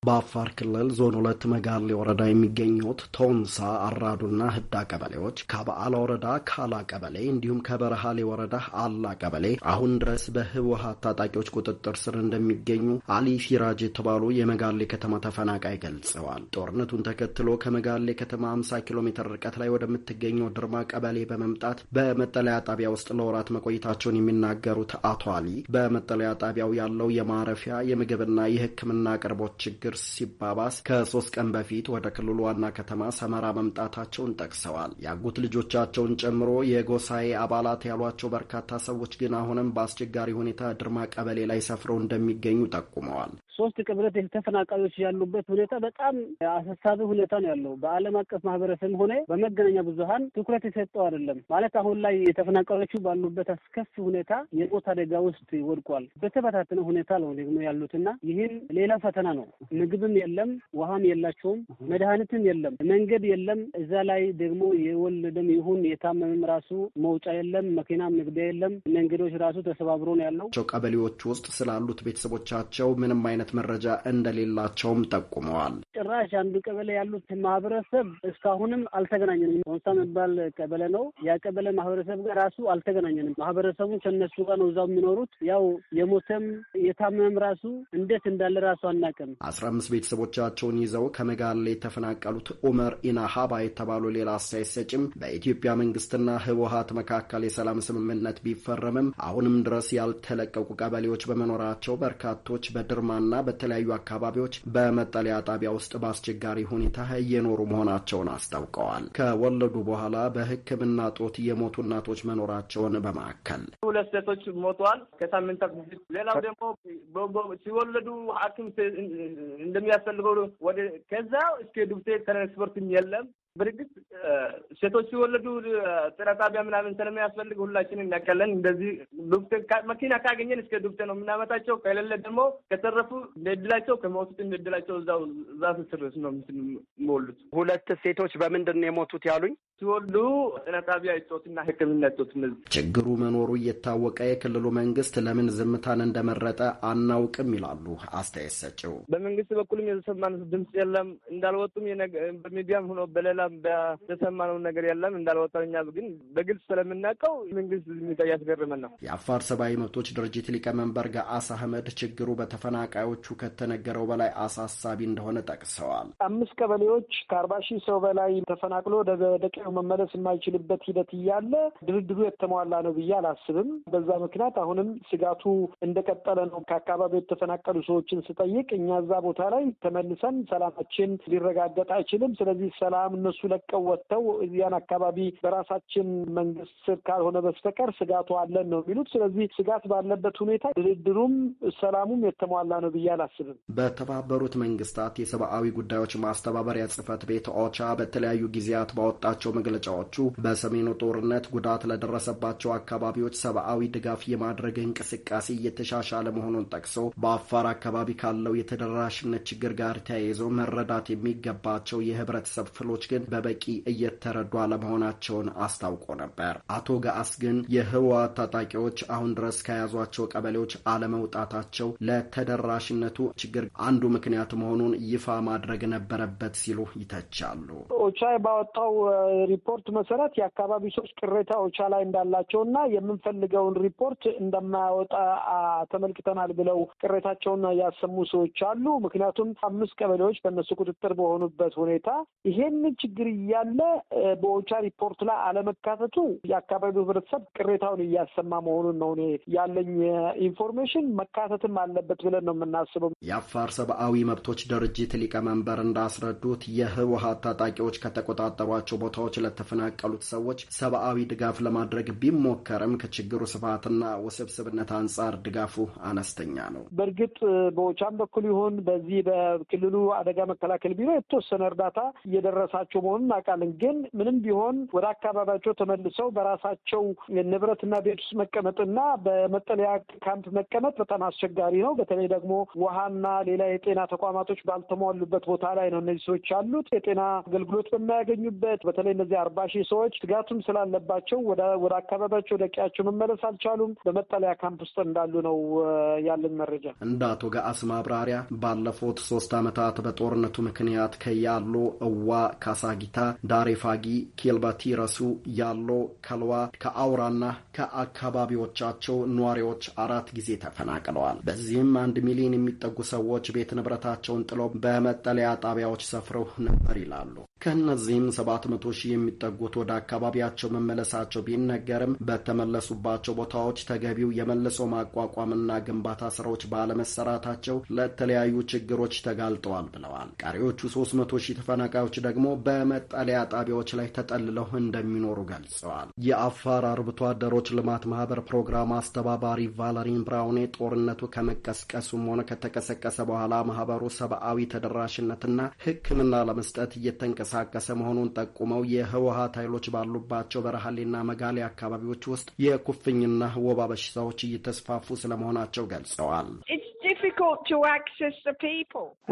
በአፋር ክልል ዞን ሁለት መጋሌ ወረዳ የሚገኙት ቶንሳ አራዱና ህዳ ቀበሌዎች ከበዓላ ወረዳ ካላ ቀበሌ እንዲሁም ከበረሃሌ ወረዳ አላ ቀበሌ አሁን ድረስ በህወሀት ታጣቂዎች ቁጥጥር ስር እንደሚገኙ አሊ ሲራጅ የተባሉ የመጋሌ ከተማ ተፈናቃይ ገልጸዋል። ጦርነቱን ተከትሎ ከመጋሌ ከተማ 50 ኪሎ ሜትር ርቀት ላይ ወደምትገኘው ድርማ ቀበሌ በመምጣት በመጠለያ ጣቢያ ውስጥ ለወራት መቆየታቸውን የሚናገሩት አቶ አሊ በመጠለያ ጣቢያው ያለው የማረፊያ የምግብና የህክምና አቅርቦት ችግር ችግር ሲባባስ ከሶስት ቀን በፊት ወደ ክልሉ ዋና ከተማ ሰመራ መምጣታቸውን ጠቅሰዋል። ያጉት ልጆቻቸውን ጨምሮ የጎሳዬ አባላት ያሏቸው በርካታ ሰዎች ግን አሁንም በአስቸጋሪ ሁኔታ ድርማ ቀበሌ ላይ ሰፍረው እንደሚገኙ ጠቁመዋል። ሶስት ቅብረት ተፈናቃዮች ያሉበት ሁኔታ በጣም አሳሳቢ ሁኔታ ነው ያለው። በዓለም አቀፍ ማህበረሰብ ሆነ በመገናኛ ብዙሀን ትኩረት የሰጠው አይደለም። ማለት አሁን ላይ ተፈናቃዮቹ ባሉበት አስከፊ ሁኔታ የሞት አደጋ ውስጥ ወድቋል። በተበታተነ ሁኔታ ነው ደግሞ ያሉትና ይህም ሌላ ፈተና ነው። ምግብም የለም፣ ውሃም የላቸውም፣ መድኃኒትም የለም፣ መንገድ የለም። እዛ ላይ ደግሞ የወለደም ይሁን የታመመም ራሱ መውጫ የለም፣ መኪናም መግቢያ የለም። መንገዶች ራሱ ተሰባብሮ ነው ያለው። ቀበሌዎች ውስጥ ስላሉት ቤተሰቦቻቸው ምንም አይነት አይነት መረጃ እንደሌላቸውም ጠቁመዋል። ጭራሽ አንዱ ቀበሌ ያሉት ማህበረሰብ እስካሁንም አልተገናኘንም። ኮንሳ የሚባል ቀበሌ ነው። ያ ቀበሌ ማህበረሰብ ጋር ራሱ አልተገናኘንም። ማህበረሰቡ ከነሱ ጋር ነው እዛው የሚኖሩት። ያው የሞተም የታመመም ራሱ እንዴት እንዳለ ራሱ አናውቅም። አስራ አምስት ቤተሰቦቻቸውን ይዘው ከመጋሌ የተፈናቀሉት ኡመር ኢናሃባ የተባሉ ሌላ አስተያየት ሰጭም በኢትዮጵያ መንግስትና ህወሀት መካከል የሰላም ስምምነት ቢፈረምም አሁንም ድረስ ያልተለቀቁ ቀበሌዎች በመኖራቸው በርካቶች በድርማና እና በተለያዩ አካባቢዎች በመጠለያ ጣቢያ ውስጥ በአስቸጋሪ ሁኔታ እየኖሩ መሆናቸውን አስታውቀዋል። ከወለዱ በኋላ በሕክምና ጦት የሞቱ እናቶች መኖራቸውን በማዕከል ሁለት ሴቶች ሞተዋል ከሳምንታት በፊት። ሌላው ደግሞ ሲወለዱ ሐኪም እንደሚያስፈልገው ወደ ከዛ እስከ ዱብቴ ትራንስፖርትም የለም በእርግጥ ሴቶች ሲወለዱ ጤና ጣቢያ ምናምን ስለሚያስፈልግ ሁላችንም እናውቃለን። እንደዚህ ዱብተ መኪና ካገኘን እስከ ዱብተ ነው የምናመጣቸው። ከሌለ ደግሞ ከተረፉ እንደድላቸው ከሞቱት እንደድላቸው እዛው እዛ ስርስርስ ነው የሚወልዱት። ሁለት ሴቶች በምንድን ነው የሞቱት ያሉኝ? ሲወልዱ ጤና ጣቢያ እጦትና ሕክምና እጦት ነው ችግሩ መኖሩ እየታወቀ የክልሉ መንግስት ለምን ዝምታን እንደመረጠ አናውቅም ይላሉ አስተያየት ሰጪው። በመንግስት በኩልም የተሰማን ድምፅ የለም እንዳልወጡም በሚዲያም ሆኖ በሌላ በኋላ በተሰማነው ነገር የለም እንዳልወጣን እኛ ግን በግልጽ ስለምናውቀው መንግስት ዝምታ እያስገርመን ነው። የአፋር ሰብአዊ መብቶች ድርጅት ሊቀመንበር ገአስ አህመድ ችግሩ በተፈናቃዮቹ ከተነገረው በላይ አሳሳቢ እንደሆነ ጠቅሰዋል። አምስት ቀበሌዎች ከአርባ ሺህ ሰው በላይ ተፈናቅሎ ወደ ቀዬው መመለስ የማይችልበት ሂደት እያለ ድርድሩ የተሟላ ነው ብዬ አላስብም። በዛ ምክንያት አሁንም ስጋቱ እንደቀጠለ ነው። ከአካባቢው የተፈናቀሉ ሰዎችን ስጠይቅ እኛ እዛ ቦታ ላይ ተመልሰን ሰላማችን ሊረጋገጥ አይችልም። ስለዚህ ሰላም እነሱ ለቀው ወጥተው እዚያን አካባቢ በራሳችን መንግስት ስር ካልሆነ በስተቀር ስጋቱ አለን ነው የሚሉት። ስለዚህ ስጋት ባለበት ሁኔታ ድርድሩም ሰላሙም የተሟላ ነው ብዬ አላስብም። በተባበሩት መንግስታት የሰብአዊ ጉዳዮች ማስተባበሪያ ጽህፈት ቤት ኦቻ በተለያዩ ጊዜያት ባወጣቸው መግለጫዎቹ በሰሜኑ ጦርነት ጉዳት ለደረሰባቸው አካባቢዎች ሰብአዊ ድጋፍ የማድረግ እንቅስቃሴ እየተሻሻለ መሆኑን ጠቅሶ በአፋር አካባቢ ካለው የተደራሽነት ችግር ጋር ተያይዞ መረዳት የሚገባቸው የህብረተሰብ ክፍሎች ግን ግን በበቂ እየተረዱ አለመሆናቸውን አስታውቆ ነበር። አቶ ገአስ ግን የህወሓት ታጣቂዎች አሁን ድረስ ከያዟቸው ቀበሌዎች አለመውጣታቸው ለተደራሽነቱ ችግር አንዱ ምክንያት መሆኑን ይፋ ማድረግ ነበረበት ሲሉ ይተቻሉ። ኦቻ ባወጣው ሪፖርት መሰረት የአካባቢ ሰዎች ቅሬታ ኦቻ ላይ እንዳላቸው እና የምንፈልገውን ሪፖርት እንደማያወጣ ተመልክተናል ብለው ቅሬታቸውን ያሰሙ ሰዎች አሉ። ምክንያቱም አምስት ቀበሌዎች በእነሱ ቁጥጥር በሆኑበት ሁኔታ ይሄንን ችግር እያለ በኦቻ ሪፖርት ላይ አለመካተቱ የአካባቢው ህብረተሰብ ቅሬታውን እያሰማ መሆኑን ነው እኔ ያለኝ ኢንፎርሜሽን። መካተትም አለበት ብለን ነው የምናስበው። የአፋር ሰብአዊ መብቶች ድርጅት ሊቀመንበር እንዳስረዱት የህወሀት ታጣቂዎች ከተቆጣጠሯቸው ቦታዎች ለተፈናቀሉት ሰዎች ሰብአዊ ድጋፍ ለማድረግ ቢሞከርም ከችግሩ ስፋትና ውስብስብነት አንጻር ድጋፉ አነስተኛ ነው። በእርግጥ በኦቻም በኩል ይሁን በዚህ በክልሉ አደጋ መከላከል ቢሮ የተወሰነ እርዳታ እየደረሳቸው ያላቸው መሆኑን አውቃለን። ግን ምንም ቢሆን ወደ አካባቢያቸው ተመልሰው በራሳቸው ንብረትና ቤት ውስጥ መቀመጥና በመጠለያ ካምፕ መቀመጥ በጣም አስቸጋሪ ነው። በተለይ ደግሞ ውሃና ሌላ የጤና ተቋማቶች ባልተሟሉበት ቦታ ላይ ነው እነዚህ ሰዎች ያሉት። የጤና አገልግሎት በማያገኙበት በተለይ እነዚህ አርባ ሺህ ሰዎች ስጋቱም ስላለባቸው ወደ አካባቢያቸው ወደ ቀያቸው መመለስ አልቻሉም። በመጠለያ ካምፕ ውስጥ እንዳሉ ነው ያለን መረጃ። እንደ አቶ ገአስ ማብራሪያ ባለፉት ሶስት ዓመታት በጦርነቱ ምክንያት ከያሉ እዋ ካሳ ሳጊታ፣ ዳሬፋጊ፣ ኬልባቲረሱ፣ ያሎ፣ ከልዋ ከአውራና ከአካባቢዎቻቸው ነዋሪዎች አራት ጊዜ ተፈናቅለዋል። በዚህም አንድ ሚሊዮን የሚጠጉ ሰዎች ቤት ንብረታቸውን ጥለው በመጠለያ ጣቢያዎች ሰፍረው ነበር ይላሉ። ከእነዚህም 700 ሺህ የሚጠጉት ወደ አካባቢያቸው መመለሳቸው ቢነገርም በተመለሱባቸው ቦታዎች ተገቢው የመልሶ ማቋቋምና ግንባታ ስራዎች ባለመሰራታቸው ለተለያዩ ችግሮች ተጋልጠዋል ብለዋል። ቀሪዎቹ 300 ሺህ ተፈናቃዮች ደግሞ በመጠለያ ጣቢያዎች ላይ ተጠልለው እንደሚኖሩ ገልጸዋል። የአፋር አርብቶ አደሮች ልማት ማህበር ፕሮግራም አስተባባሪ ቫለሪን ብራውኔ ጦርነቱ ከመቀስቀሱም ሆነ ከተቀሰቀሰ በኋላ ማህበሩ ሰብአዊ ተደራሽነትና ሕክምና ለመስጠት እየተንቀሳ እየተንቀሳቀሰ መሆኑን ጠቁመው የህወሀት ኃይሎች ባሉባቸው በረሃሌና መጋሌ አካባቢዎች ውስጥ የኩፍኝና ወባ በሽታዎች እየተስፋፉ ስለመሆናቸው ገልጸዋል።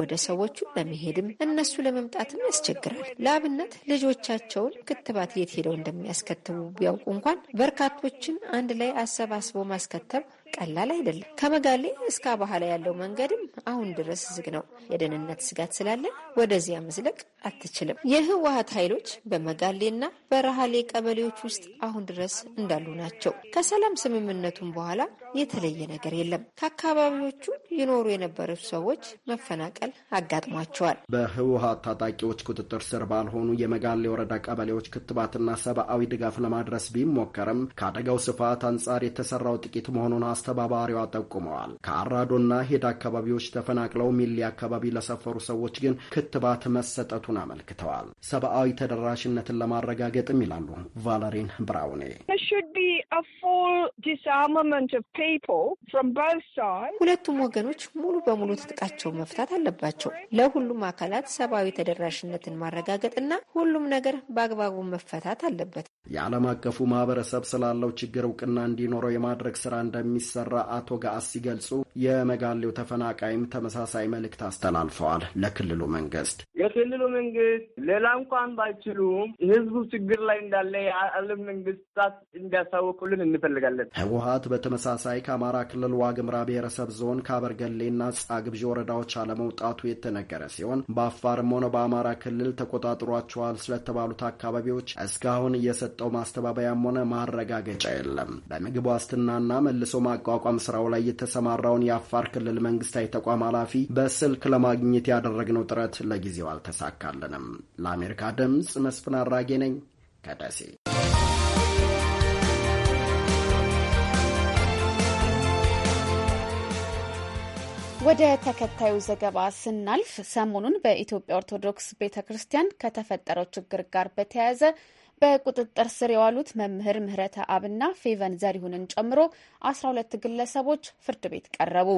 ወደ ሰዎቹ ለመሄድም እነሱ ለመምጣትም ያስቸግራል። ለአብነት ልጆቻቸውን ክትባት የት ሄደው እንደሚያስከትቡ ቢያውቁ እንኳን በርካቶችን አንድ ላይ አሰባስቦ ማስከተብ ቀላል አይደለም። ከመጋሌ እስከ አባኋላ ያለው መንገድም አሁን ድረስ ዝግ ነው። የደህንነት ስጋት ስላለ ወደዚያ መዝለቅ አትችልም። የህወሀት ኃይሎች በመጋሌና በረሃሌ ቀበሌዎች ውስጥ አሁን ድረስ እንዳሉ ናቸው። ከሰላም ስምምነቱም በኋላ የተለየ ነገር የለም። ከአካባቢዎቹ ይኖሩ የነበሩ ሰዎች መፈናቀል አጋጥሟቸዋል። በህወሀት ታጣቂዎች ቁጥጥር ስር ባልሆኑ የመጋሌ ወረዳ ቀበሌዎች ክትባትና ሰብአዊ ድጋፍ ለማድረስ ቢሞከርም ከአደጋው ስፋት አንጻር የተሰራው ጥቂት መሆኑን አስ አስተባባሪዋ ጠቁመዋል። ከአራዶና ሄድ አካባቢዎች ተፈናቅለው ሚሌ አካባቢ ለሰፈሩ ሰዎች ግን ክትባት መሰጠቱን አመልክተዋል። ሰብአዊ ተደራሽነትን ለማረጋገጥም ይላሉ ቫለሪን ብራውኔ ሁለቱም ወገኖች ሙሉ በሙሉ ትጥቃቸውን መፍታት አለባቸው። ለሁሉም አካላት ሰብአዊ ተደራሽነትን ማረጋገጥና ሁሉም ነገር በአግባቡ መፈታት አለበት። የዓለም አቀፉ ማህበረሰብ ስላለው ችግር እውቅና እንዲኖረው የማድረግ ስራ እንደሚሰ እንዳሰራ አቶ ጋአስ ሲገልጹ የመጋሌው ተፈናቃይም ተመሳሳይ መልእክት አስተላልፈዋል ለክልሉ መንግስት። የክልሉ መንግስት ሌላ እንኳን ባይችሉም ህዝቡ ችግር ላይ እንዳለ የዓለም መንግስታት እንዲያሳውቁልን እንፈልጋለን። ህወሀት በተመሳሳይ ከአማራ ክልል ዋግምራ ብሔረሰብ ዞን ካበርገሌና ጻግብዥ ወረዳዎች አለመውጣቱ የተነገረ ሲሆን በአፋርም ሆነ በአማራ ክልል ተቆጣጥሯቸዋል ስለተባሉት አካባቢዎች እስካሁን የሰጠው ማስተባበያም ሆነ ማረጋገጫ የለም። በምግብ ዋስትናና መልሶ ማቋ ማቋቋም ስራው ላይ የተሰማራውን የአፋር ክልል መንግስታዊ ተቋም ኃላፊ በስልክ ለማግኘት ያደረግነው ጥረት ለጊዜው አልተሳካልንም። ለአሜሪካ ድምፅ መስፍን አራጌ ነኝ ከደሴ። ወደ ተከታዩ ዘገባ ስናልፍ ሰሞኑን በኢትዮጵያ ኦርቶዶክስ ቤተ ክርስቲያን ከተፈጠረው ችግር ጋር በተያያዘ በቁጥጥር ስር የዋሉት መምህር ምህረተ አብና ፌቨን ዘሪሁንን ጨምሮ አስራ ሁለት ግለሰቦች ፍርድ ቤት ቀረቡ።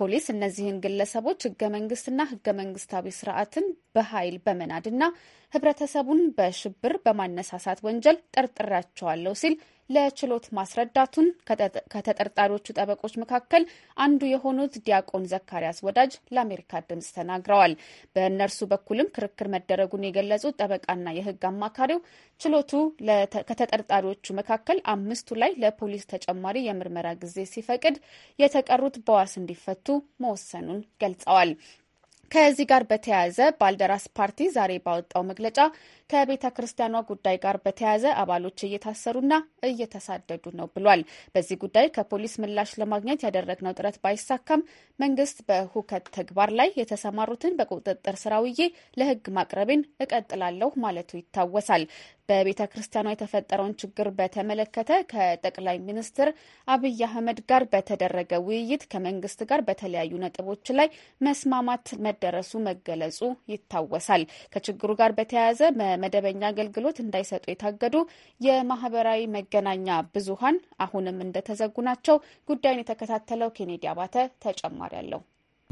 ፖሊስ እነዚህን ግለሰቦች ህገ መንግስትና ህገ መንግስታዊ ስርዓትን በኃይል በመናድና ህብረተሰቡን በሽብር በማነሳሳት ወንጀል ጠርጥሬያቸዋለሁ ሲል ለችሎት ማስረዳቱን ከተጠርጣሪዎቹ ጠበቆች መካከል አንዱ የሆኑት ዲያቆን ዘካሪያስ ወዳጅ ለአሜሪካ ድምጽ ተናግረዋል። በእነርሱ በኩልም ክርክር መደረጉን የገለጹት ጠበቃና የሕግ አማካሪው ችሎቱ ከተጠርጣሪዎቹ መካከል አምስቱ ላይ ለፖሊስ ተጨማሪ የምርመራ ጊዜ ሲፈቅድ፣ የተቀሩት በዋስ እንዲፈቱ መወሰኑን ገልጸዋል። ከዚህ ጋር በተያያዘ ባልደራስ ፓርቲ ዛሬ ባወጣው መግለጫ ከቤተ ክርስቲያኗ ጉዳይ ጋር በተያያዘ አባሎች እየታሰሩና እየተሳደዱ ነው ብሏል። በዚህ ጉዳይ ከፖሊስ ምላሽ ለማግኘት ያደረግነው ጥረት ባይሳካም መንግስት በሁከት ተግባር ላይ የተሰማሩትን በቁጥጥር ስር አውዬ ለህግ ማቅረቤን እቀጥላለሁ ማለቱ ይታወሳል። በቤተ ክርስቲያኗ የተፈጠረውን ችግር በተመለከተ ከጠቅላይ ሚኒስትር አብይ አህመድ ጋር በተደረገ ውይይት ከመንግስት ጋር በተለያዩ ነጥቦች ላይ መስማማት መደረሱ መገለጹ ይታወሳል። ከችግሩ ጋር በተያያዘ መደበኛ አገልግሎት እንዳይሰጡ የታገዱ የማህበራዊ መገናኛ ብዙሀን አሁንም እንደተዘጉ ናቸው። ጉዳዩን የተከታተለው ኬኔዲ አባተ ተጨማሪ አለው።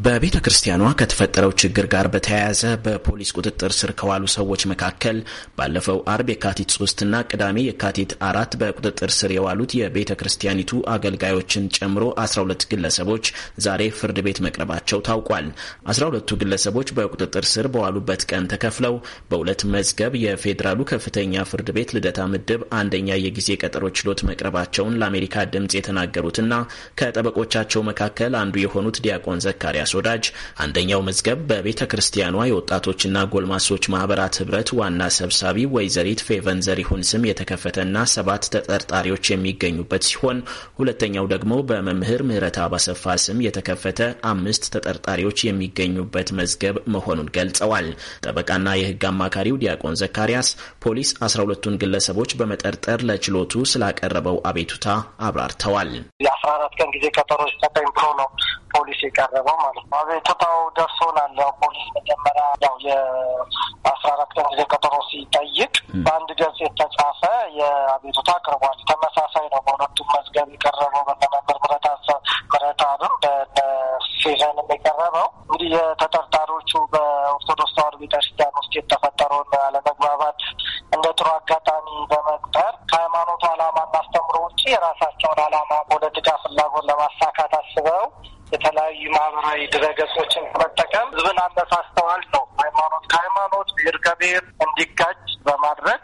በቤተ ክርስቲያኗ ከተፈጠረው ችግር ጋር በተያያዘ በፖሊስ ቁጥጥር ስር ከዋሉ ሰዎች መካከል ባለፈው አርብ የካቲት ሶስትና ቅዳሜ የካቲት አራት በቁጥጥር ስር የዋሉት የቤተ ክርስቲያኒቱ አገልጋዮችን ጨምሮ 12 ግለሰቦች ዛሬ ፍርድ ቤት መቅረባቸው ታውቋል። 12ቱ ግለሰቦች በቁጥጥር ስር በዋሉበት ቀን ተከፍለው በሁለት መዝገብ የፌዴራሉ ከፍተኛ ፍርድ ቤት ልደታ ምድብ አንደኛ የጊዜ ቀጠሮ ችሎት መቅረባቸውን ለአሜሪካ ድምፅ የተናገሩትና ከጠበቆቻቸው መካከል አንዱ የሆኑት ዲያቆን ዘካሪያ ኤልያስ ወዳጅ አንደኛው መዝገብ በቤተ ክርስቲያኗ የወጣቶችና ጎልማሶች ማህበራት ህብረት ዋና ሰብሳቢ ወይዘሪት ፌቨን ዘሪሁን ስም የተከፈተና ሰባት ተጠርጣሪዎች የሚገኙበት ሲሆን ሁለተኛው ደግሞ በመምህር ምህረት አባሰፋ ስም የተከፈተ አምስት ተጠርጣሪዎች የሚገኙበት መዝገብ መሆኑን ገልጸዋል። ጠበቃና የህግ አማካሪው ዲያቆን ዘካሪያስ ፖሊስ 12ቱን ግለሰቦች በመጠርጠር ለችሎቱ ስላቀረበው አቤቱታ አብራርተዋል። የአስራ የ14 ቀን ጊዜ ቀጠሮ ሲሰጠኝ ብሎ ነው ፖሊስ የቀረበው ማለት ነው። አቤቱታው ደርሶናል። ያው ፖሊስ መጀመሪያ ያው የአስራ አራት ቀን ጊዜ ቀጠሮ ሲጠይቅ በአንድ ገጽ የተጻፈ የአቤቱታ አቅርቧል። ተመሳሳይ ነው በሁለቱም መዝገብ የቀረበው በተመበር ብረታሰ ብረታብም በሴዘንም የቀረበው እንግዲህ የተጠርጣሪዎቹ በኦርቶዶክስ ተዋሕዶ ቤተክርስቲያን ውስጥ የተፈጠረውን አለመግባባት እንደ ጥሩ አጋጣሚ በመቅጠር ከሃይማኖቱ ዓላማና አስተምሮ ውጭ የራሳቸውን ዓላማ ፖለቲካ ፍላጎት ለማሳካት አስበው የተለያዩ ማህበራዊ ድረገጾችን በመጠቀም ህዝብን አነሳስተዋል ነው። ሃይማኖት ከሃይማኖት ብሔር ከብሔር እንዲጋጭ በማድረግ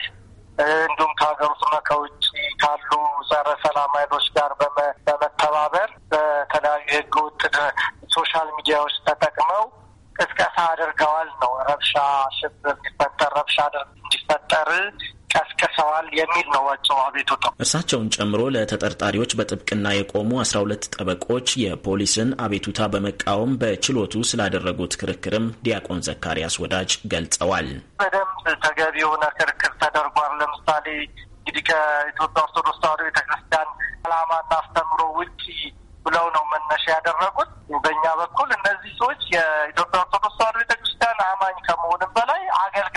እንዲሁም ከሀገር ውስጥና ከውጭ ካሉ ጸረ ሰላም ኃይሎች ጋር በመተባበር በተለያዩ ህገወጥ ሶሻል ሚዲያዎች ተጠቅመው ቅስቀሳ አድርገዋል ነው ረብሻ ሽብር እንዲፈጠር ረብሻ እንዲፈጠር ቀስቅሰዋል የሚል ነው ዋጭው አቤቱታ። እርሳቸውን ጨምሮ ለተጠርጣሪዎች በጥብቅና የቆሙ አስራ ሁለት ጠበቆች የፖሊስን አቤቱታ በመቃወም በችሎቱ ስላደረጉት ክርክርም ዲያቆን ዘካርያስ ወዳጅ ገልጸዋል። በደንብ ተገቢ የሆነ ክርክር ተደርጓል። ለምሳሌ እንግዲህ ከኢትዮጵያ ኦርቶዶክስ ተዋሕዶ ቤተክርስቲያን አላማና አስተምሮ ውጭ ብለው ነው መነሻ ያደረጉት። በእኛ በኩል እነዚህ ሰዎች የኢትዮጵያ ኦርቶዶክስ ተዋሕዶ ቤተክርስቲያን አማኝ ከመሆንም በላይ አገልግ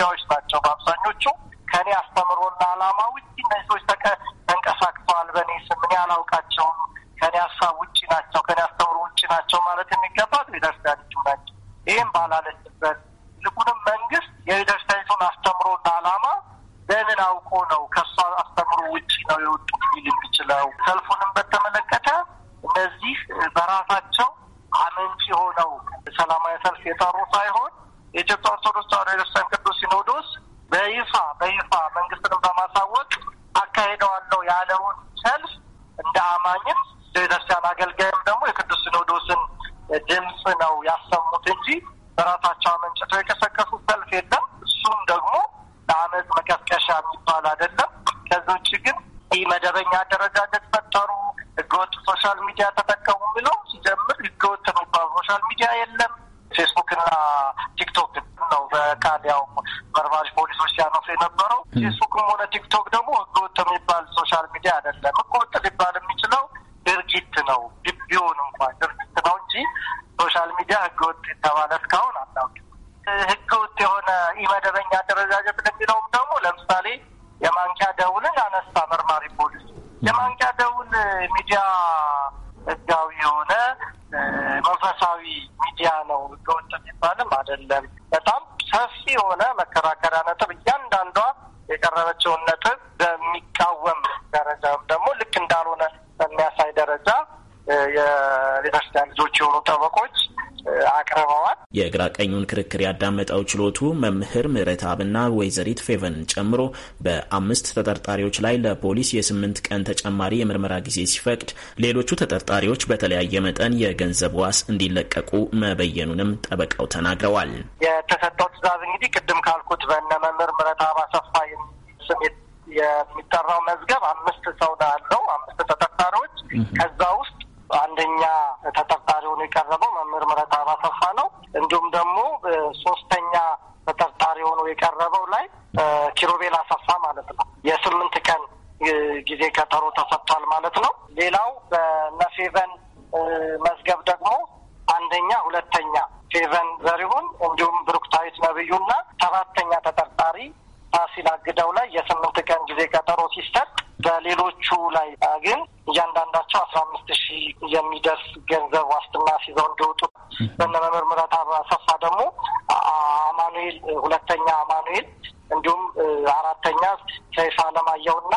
ቀኙን ክርክር ያዳመጠው ችሎቱ መምህር ምረታብና ወይዘሪት ፌቨንን ጨምሮ በአምስት ተጠርጣሪዎች ላይ ለፖሊስ የስምንት ቀን ተጨማሪ የምርመራ ጊዜ ሲፈቅድ ሌሎቹ ተጠርጣሪዎች በተለያየ መጠን የገንዘብ ዋስ እንዲለቀቁ መበየኑንም ጠበቃው ተናግረዋል። የተሰጠው ትዕዛዝ እንግዲህ ቅድም ካልኩት በነ መምህር ምህረትአብ አሰፋ ስም የሚጠራው መዝገብ አምስት ሰው አለው። አምስት ተጠርጣሪዎች ከዛ ውስጥ አንደኛ ተጠርጣሪ ሆኖ የቀረበው መምህር ምህረትአብ አሰፋ ነው። እንዲሁም ደግሞ ሶስተኛ ተጠርጣሪ ሆኖ የቀረበው ላይ ኪሮቤል አሰፋ ማለት ነው የስምንት ቀን ጊዜ ቀጠሮ ተሰጥቷል ማለት ነው። ሌላው በነፌቨን መዝገብ ደግሞ አንደኛ፣ ሁለተኛ ፌቨን ዘሪሁን እንዲሁም ብሩክታዊት ነብዩና ሰባተኛ ተጠርጣሪ ፋሲል አግደው ላይ የስምንት ቀን ጊዜ ቀጠሮ ሲሰጥ በሌሎቹ ላይ ግን እያንዳንዳቸው አስራ አምስት ሺህ የሚደርስ ገንዘብ ዋስትና ሲዘው እንዲወጡ በእነ መምህር ምረት አሰፋ ደግሞ አማኑኤል ሁለተኛ አማኑኤል እንዲሁም አራተኛ ሰይፍ አለማየው እና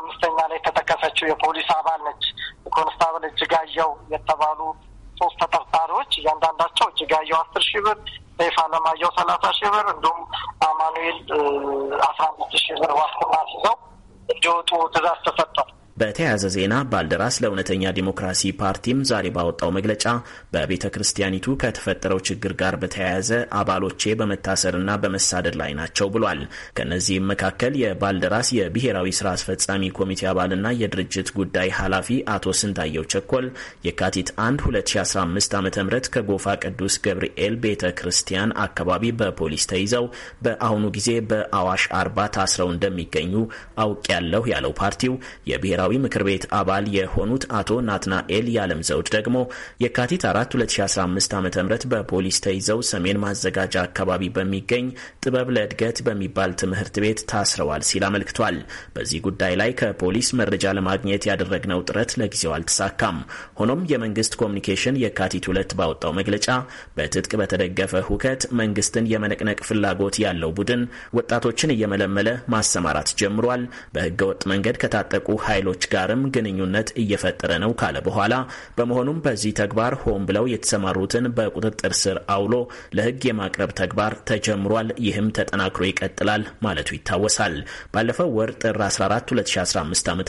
አምስተኛ ላይ የተጠቀሰችው የፖሊስ አባል ነች ኮንስታብል እጅጋየው የተባሉ ሶስት ተጠርጣሪዎች እያንዳንዳቸው እጅጋየው አስር ሺህ ብር ሰይፍ አለማየሁ ሰላሳ ሺህ ብር እንዲሁም አማኑኤል አስራ አምስት ሺህ ብር ዋስትና ሲዘው እንዲወጡ ትእዛዝ ተሰጥቷል። በተያያዘ ዜና ባልደራስ ለእውነተኛ ዲሞክራሲ ፓርቲም ዛሬ ባወጣው መግለጫ በቤተ ክርስቲያኒቱ ከተፈጠረው ችግር ጋር በተያያዘ አባሎቼ በመታሰርና በመሳደድ ላይ ናቸው ብሏል። ከእነዚህም መካከል የባልደራስ የብሔራዊ ስራ አስፈጻሚ ኮሚቴ አባልና የድርጅት ጉዳይ ኃላፊ አቶ ስንታየው ቸኮል የካቲት 1 2015 ዓ ም ከጎፋ ቅዱስ ገብርኤል ቤተ ክርስቲያን አካባቢ በፖሊስ ተይዘው በአሁኑ ጊዜ በአዋሽ አርባ ታስረው እንደሚገኙ አውቅ ያለሁ ያለው ፓርቲው የብሔራዊ የብሔራዊ ምክር ቤት አባል የሆኑት አቶ ናትናኤል የዓለም ዘውድ ደግሞ የካቲት 4 2015 ዓ ም በፖሊስ ተይዘው ሰሜን ማዘጋጃ አካባቢ በሚገኝ ጥበብ ለእድገት በሚባል ትምህርት ቤት ታስረዋል ሲል አመልክቷል። በዚህ ጉዳይ ላይ ከፖሊስ መረጃ ለማግኘት ያደረግነው ጥረት ለጊዜው አልተሳካም። ሆኖም የመንግስት ኮሚኒኬሽን የካቲት ሁለት ባወጣው መግለጫ በትጥቅ በተደገፈ ሁከት መንግስትን የመነቅነቅ ፍላጎት ያለው ቡድን ወጣቶችን እየመለመለ ማሰማራት ጀምሯል፣ በህገወጥ መንገድ ከታጠቁ ኃይሎች ኃይሎች ጋርም ግንኙነት እየፈጠረ ነው ካለ በኋላ በመሆኑም በዚህ ተግባር ሆን ብለው የተሰማሩትን በቁጥጥር ስር አውሎ ለሕግ የማቅረብ ተግባር ተጀምሯል። ይህም ተጠናክሮ ይቀጥላል ማለቱ ይታወሳል። ባለፈው ወር ጥር 14 2015 ዓ ም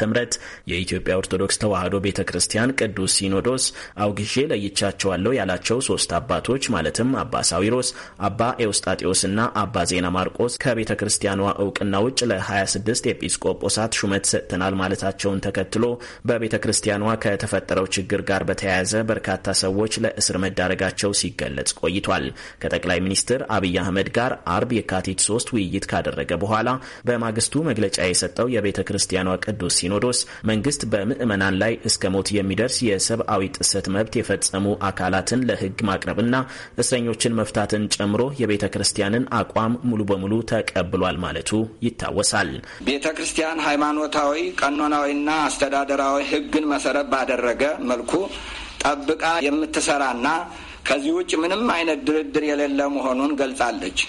የኢትዮጵያ ኦርቶዶክስ ተዋሕዶ ቤተ ክርስቲያን ቅዱስ ሲኖዶስ አውግዤ ለይቻቸዋለሁ ያላቸው ሶስት አባቶች ማለትም አባ ሳዊሮስ፣ አባ ኤውስጣጤዎስ እና አባ ዜና ማርቆስ ከቤተ ክርስቲያኗ እውቅና ውጭ ለ26 ኤጲስቆጶሳት ሹመት ሰጥተናል ማለታቸው መያዛቸውን ተከትሎ በቤተ ክርስቲያኗ ከተፈጠረው ችግር ጋር በተያያዘ በርካታ ሰዎች ለእስር መዳረጋቸው ሲገለጽ ቆይቷል። ከጠቅላይ ሚኒስትር አብይ አህመድ ጋር አርብ የካቲት ሶስት ውይይት ካደረገ በኋላ በማግስቱ መግለጫ የሰጠው የቤተ ክርስቲያኗ ቅዱስ ሲኖዶስ መንግስት በምዕመናን ላይ እስከ ሞት የሚደርስ የሰብአዊ ጥሰት መብት የፈጸሙ አካላትን ለህግ ማቅረብና እስረኞችን መፍታትን ጨምሮ የቤተ ክርስቲያንን አቋም ሙሉ በሙሉ ተቀብሏል ማለቱ ይታወሳል። ቤተ ክርስቲያን ሃይማኖታዊ ቀኖናዊ ሕጋዊና አስተዳደራዊ ህግን መሰረት ባደረገ መልኩ ጠብቃ የምትሰራና ከዚህ ውጭ ምንም አይነት ድርድር የሌለ መሆኑን ገልጻለች።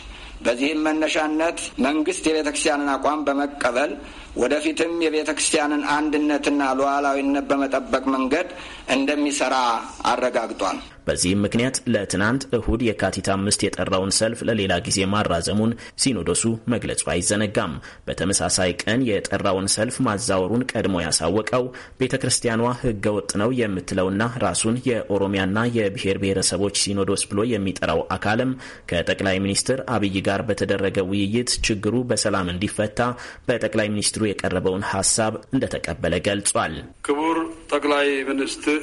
በዚህም መነሻነት መንግስት የቤተ ክርስቲያንን አቋም በመቀበል ወደፊትም የቤተ ክርስቲያንን አንድነትና ሉዓላዊነት በመጠበቅ መንገድ እንደሚሰራ አረጋግጧል። በዚህም ምክንያት ለትናንት እሁድ የካቲት አምስት የጠራውን ሰልፍ ለሌላ ጊዜ ማራዘሙን ሲኖዶሱ መግለጹ አይዘነጋም። በተመሳሳይ ቀን የጠራውን ሰልፍ ማዛወሩን ቀድሞ ያሳወቀው ቤተ ክርስቲያኗ ሕገ ወጥ ነው የምትለውና ራሱን የኦሮሚያና የብሔር ብሔረሰቦች ሲኖዶስ ብሎ የሚጠራው አካልም ከጠቅላይ ሚኒስትር አብይ ጋር በተደረገ ውይይት ችግሩ በሰላም እንዲፈታ በጠቅላይ ሚኒስትሩ ሚኒስትሩ የቀረበውን ሀሳብ እንደተቀበለ ገልጿል። ክቡር ጠቅላይ ሚኒስትር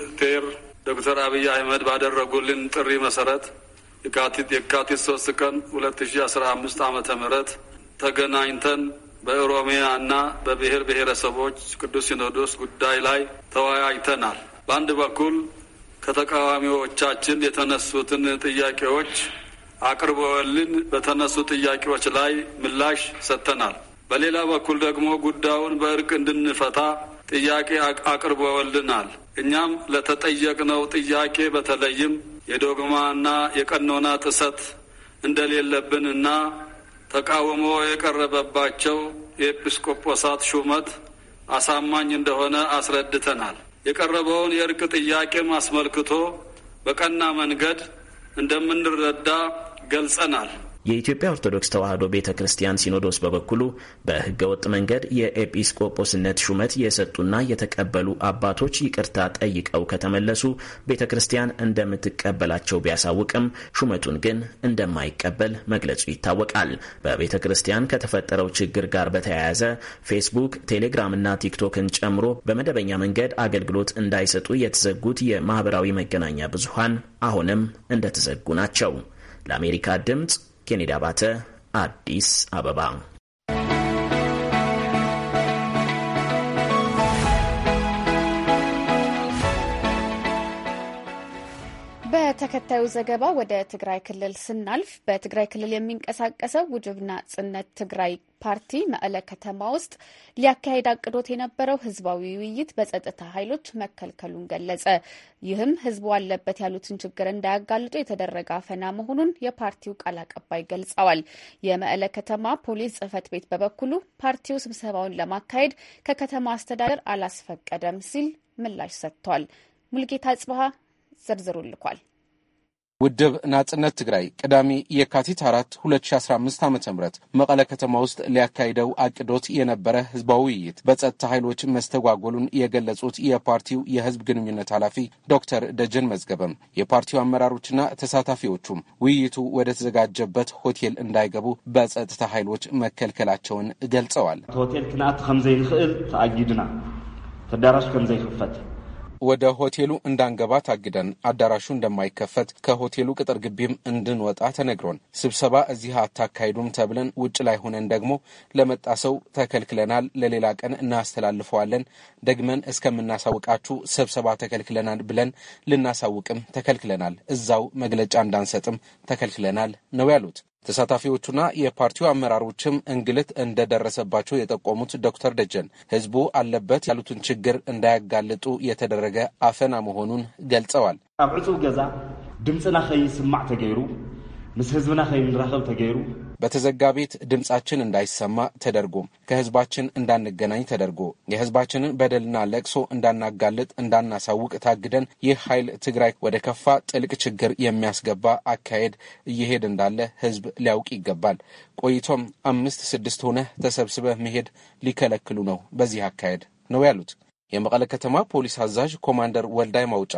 ዶክተር አብይ አህመድ ባደረጉልን ጥሪ መሰረት የካቲት ሶስት ቀን 2015 ዓ ም ተገናኝተን በኦሮሚያ እና በብሔር ብሔረሰቦች ቅዱስ ሲኖዶስ ጉዳይ ላይ ተወያይተናል። በአንድ በኩል ከተቃዋሚዎቻችን የተነሱትን ጥያቄዎች አቅርበውልን በተነሱ ጥያቄዎች ላይ ምላሽ ሰጥተናል። በሌላ በኩል ደግሞ ጉዳዩን በእርቅ እንድንፈታ ጥያቄ አቅርበውልናል። እኛም ለተጠየቅነው ጥያቄ በተለይም የዶግማና የቀኖና ጥሰት እንደሌለብንና ተቃውሞ የቀረበባቸው የኤጲስቆጶሳት ሹመት አሳማኝ እንደሆነ አስረድተናል። የቀረበውን የእርቅ ጥያቄም አስመልክቶ በቀና መንገድ እንደምንረዳ ገልጸናል። የኢትዮጵያ ኦርቶዶክስ ተዋሕዶ ቤተ ክርስቲያን ሲኖዶስ በበኩሉ በህገወጥ መንገድ የኤጲስቆጶስነት ሹመት የሰጡና የተቀበሉ አባቶች ይቅርታ ጠይቀው ከተመለሱ ቤተ ክርስቲያን እንደምትቀበላቸው ቢያሳውቅም ሹመቱን ግን እንደማይቀበል መግለጹ ይታወቃል። በቤተ ክርስቲያን ከተፈጠረው ችግር ጋር በተያያዘ ፌስቡክ፣ ቴሌግራምና ቲክቶክን ጨምሮ በመደበኛ መንገድ አገልግሎት እንዳይሰጡ የተዘጉት የማህበራዊ መገናኛ ብዙሃን አሁንም እንደተዘጉ ናቸው። ለአሜሪካ ድምፅ ኬኔዲ አባተ አዲስ አበባ ተከታዩ ዘገባ ወደ ትግራይ ክልል ስናልፍ በትግራይ ክልል የሚንቀሳቀሰው ውጅብና ጽነት ትግራይ ፓርቲ መቀለ ከተማ ውስጥ ሊያካሄድ አቅዶት የነበረው ህዝባዊ ውይይት በጸጥታ ኃይሎች መከልከሉን ገለጸ። ይህም ህዝቡ አለበት ያሉትን ችግር እንዳያጋልጡ የተደረገ አፈና መሆኑን የፓርቲው ቃል አቀባይ ገልጸዋል። የመቀለ ከተማ ፖሊስ ጽህፈት ቤት በበኩሉ ፓርቲው ስብሰባውን ለማካሄድ ከከተማ አስተዳደር አላስፈቀደም ሲል ምላሽ ሰጥቷል። ሙልጌታ ጽብሃ ዝርዝሩ ልኳል። ውድብ ናጽነት ትግራይ ቅዳሜ የካቲት አራት 2015 ዓ ም መቀለ ከተማ ውስጥ ሊያካሂደው አቅዶት የነበረ ህዝባዊ ውይይት በጸጥታ ኃይሎች መስተጓጎሉን የገለጹት የፓርቲው የህዝብ ግንኙነት ኃላፊ ዶክተር ደጀን መዝገበም የፓርቲው አመራሮችና ተሳታፊዎቹም ውይይቱ ወደ ተዘጋጀበት ሆቴል እንዳይገቡ በጸጥታ ኃይሎች መከልከላቸውን ገልጸዋል። ሆቴል ክንኣት ከምዘይንክእል ተኣጊድና ተዳራሽ ከምዘይክፈት ወደ ሆቴሉ እንዳንገባ ታግደን፣ አዳራሹ እንደማይከፈት ከሆቴሉ ቅጥር ግቢም እንድንወጣ ተነግሮን፣ ስብሰባ እዚህ አታካሂዱም ተብለን ውጭ ላይ ሆነን ደግሞ ለመጣ ሰው ተከልክለናል፣ ለሌላ ቀን እናስተላልፈዋለን፣ ደግመን እስከምናሳውቃችሁ ስብሰባ ተከልክለናል ብለን ልናሳውቅም ተከልክለናል፣ እዛው መግለጫ እንዳንሰጥም ተከልክለናል ነው ያሉት። ተሳታፊዎቹና የፓርቲው አመራሮችም እንግልት እንደደረሰባቸው የጠቆሙት ዶክተር ደጀን ህዝቡ አለበት ያሉትን ችግር እንዳያጋልጡ የተደረገ አፈና መሆኑን ገልጸዋል። ኣብ ዕፁብ ገዛ ድምፅና ኸይስማዕ ተገይሩ ምስ ህዝብና ኸይንራኸብ ተገይሩ በተዘጋ ቤት ድምጻችን እንዳይሰማ ተደርጎ ከህዝባችን እንዳንገናኝ ተደርጎ የህዝባችንን በደልና ለቅሶ እንዳናጋልጥ እንዳናሳውቅ ታግደን ይህ ኃይል ትግራይ ወደ ከፋ ጥልቅ ችግር የሚያስገባ አካሄድ እየሄድ እንዳለ ህዝብ ሊያውቅ ይገባል። ቆይቶም አምስት ስድስት ሆነህ ተሰብስበህ መሄድ ሊከለክሉ ነው በዚህ አካሄድ ነው ያሉት። የመቀለ ከተማ ፖሊስ አዛዥ ኮማንደር ወልዳይ ማውጫ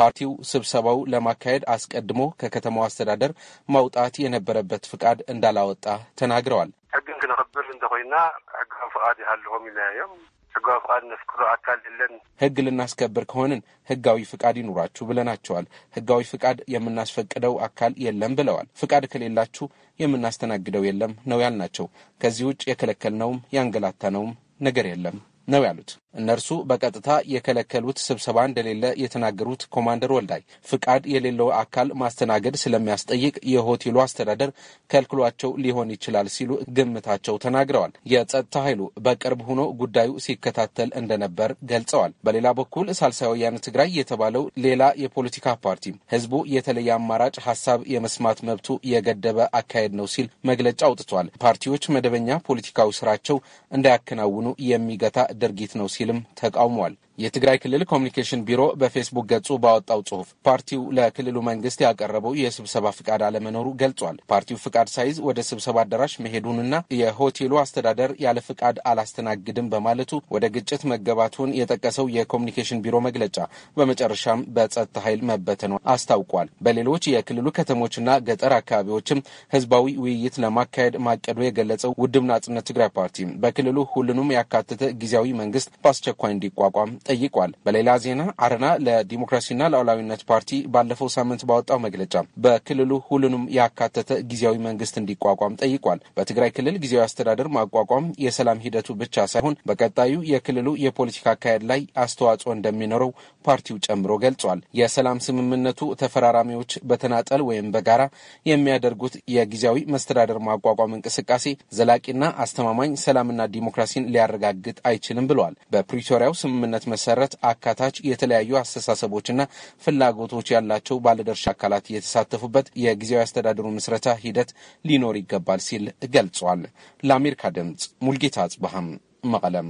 ፓርቲው ስብሰባው ለማካሄድ አስቀድሞ ከከተማው አስተዳደር ማውጣት የነበረበት ፍቃድ እንዳላወጣ ተናግረዋል። ሕግን ክንክብር እንተኮይና ሕጋዊ ፍቃድ ይሃለዎም ይለያዮም ሕጋዊ ፍቃድ ነስክሮ አካል የለን። ሕግ ልናስከብር ከሆንን ሕጋዊ ፍቃድ ይኑራችሁ ብለናቸዋል። ሕጋዊ ፍቃድ የምናስፈቅደው አካል የለም ብለዋል። ፍቃድ ከሌላችሁ የምናስተናግደው የለም ነው ያልናቸው። ከዚህ ውጭ የከለከልነውም ያንገላታነውም ነገር የለም ነው ያሉት። እነርሱ በቀጥታ የከለከሉት ስብሰባ እንደሌለ የተናገሩት ኮማንደር ወልዳይ ፍቃድ የሌለው አካል ማስተናገድ ስለሚያስጠይቅ የሆቴሉ አስተዳደር ከልክሏቸው ሊሆን ይችላል ሲሉ ግምታቸው ተናግረዋል። የጸጥታ ኃይሉ በቅርብ ሆኖ ጉዳዩ ሲከታተል እንደነበር ገልጸዋል። በሌላ በኩል ሳልሳይ ወያነ ትግራይ የተባለው ሌላ የፖለቲካ ፓርቲ ህዝቡ የተለየ አማራጭ ሀሳብ የመስማት መብቱ የገደበ አካሄድ ነው ሲል መግለጫ አውጥቷል። ፓርቲዎች መደበኛ ፖለቲካዊ ስራቸው እንዳያከናውኑ የሚገታ ድርጊት ነው ሲልም ተቃውሟል። የትግራይ ክልል ኮሚኒኬሽን ቢሮ በፌስቡክ ገጹ ባወጣው ጽሁፍ ፓርቲው ለክልሉ መንግስት ያቀረበው የስብሰባ ፍቃድ አለመኖሩ ገልጿል። ፓርቲው ፍቃድ ሳይዝ ወደ ስብሰባ አዳራሽ መሄዱንና የሆቴሉ አስተዳደር ያለ ፍቃድ አላስተናግድም በማለቱ ወደ ግጭት መገባቱን የጠቀሰው የኮሚኒኬሽን ቢሮ መግለጫ በመጨረሻም በጸጥታ ኃይል መበተኑ አስታውቋል። በሌሎች የክልሉ ከተሞችና ገጠር አካባቢዎችም ህዝባዊ ውይይት ለማካሄድ ማቀዱ የገለጸው ውድብ ናጽነት ትግራይ ፓርቲ በክልሉ ሁሉንም ያካተተ ጊዜያዊ መንግስት በአስቸኳይ እንዲቋቋም ጠይቋል። በሌላ ዜና አረና ለዲሞክራሲና ለሉዓላዊነት ፓርቲ ባለፈው ሳምንት ባወጣው መግለጫ በክልሉ ሁሉንም ያካተተ ጊዜያዊ መንግስት እንዲቋቋም ጠይቋል። በትግራይ ክልል ጊዜያዊ አስተዳደር ማቋቋም የሰላም ሂደቱ ብቻ ሳይሆን በቀጣዩ የክልሉ የፖለቲካ አካሄድ ላይ አስተዋጽኦ እንደሚኖረው ፓርቲው ጨምሮ ገልጿል። የሰላም ስምምነቱ ተፈራራሚዎች በተናጠል ወይም በጋራ የሚያደርጉት የጊዜያዊ መስተዳደር ማቋቋም እንቅስቃሴ ዘላቂና አስተማማኝ ሰላምና ዲሞክራሲን ሊያረጋግጥ አይችልም ብለዋል። በፕሪቶሪያው ስምምነት መሰረት አካታች የተለያዩ አስተሳሰቦችና ፍላጎቶች ያላቸው ባለድርሻ አካላት የተሳተፉበት የጊዜያዊ አስተዳደሩ ምስረታ ሂደት ሊኖር ይገባል ሲል ገልጿል። ለአሜሪካ ድምጽ ሙልጌታ አጽባሃም መቀለም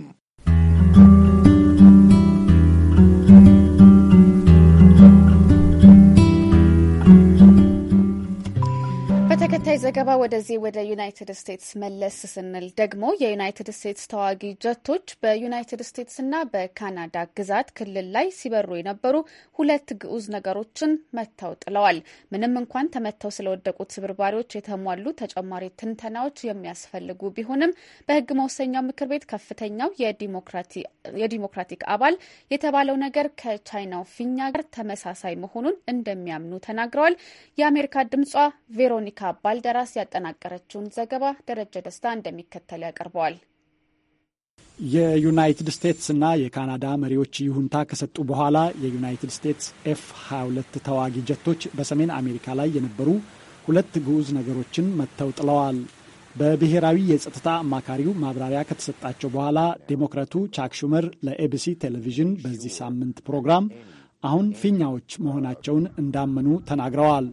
ዘገባ ወደዚህ ወደ ዩናይትድ ስቴትስ መለስ ስንል ደግሞ የዩናይትድ ስቴትስ ተዋጊ ጀቶች በዩናይትድ ስቴትስና በካናዳ ግዛት ክልል ላይ ሲበሩ የነበሩ ሁለት ግዑዝ ነገሮችን መተው ጥለዋል። ምንም እንኳን ተመተው ስለወደቁት ስብርባሪዎች የተሟሉ ተጨማሪ ትንተናዎች የሚያስፈልጉ ቢሆንም በሕግ መወሰኛው ምክር ቤት ከፍተኛው የዲሞክራቲክ አባል የተባለው ነገር ከቻይናው ፊኛ ጋር ተመሳሳይ መሆኑን እንደሚያምኑ ተናግረዋል። የአሜሪካ ድምጿ ቬሮኒካ ባልደ በራስ ያጠናቀረችውን ዘገባ ደረጀ ደስታ እንደሚከተል ያቀርበዋል። የዩናይትድ ስቴትስ እና የካናዳ መሪዎች ይሁንታ ከሰጡ በኋላ የዩናይትድ ስቴትስ ኤፍ 22 ተዋጊ ጀቶች በሰሜን አሜሪካ ላይ የነበሩ ሁለት ግዑዝ ነገሮችን መጥተው ጥለዋል። በብሔራዊ የጸጥታ አማካሪው ማብራሪያ ከተሰጣቸው በኋላ ዴሞክራቱ ቻክ ሹመር ለኤቢሲ ቴሌቪዥን በዚህ ሳምንት ፕሮግራም አሁን ፊኛዎች መሆናቸውን እንዳመኑ ተናግረዋል።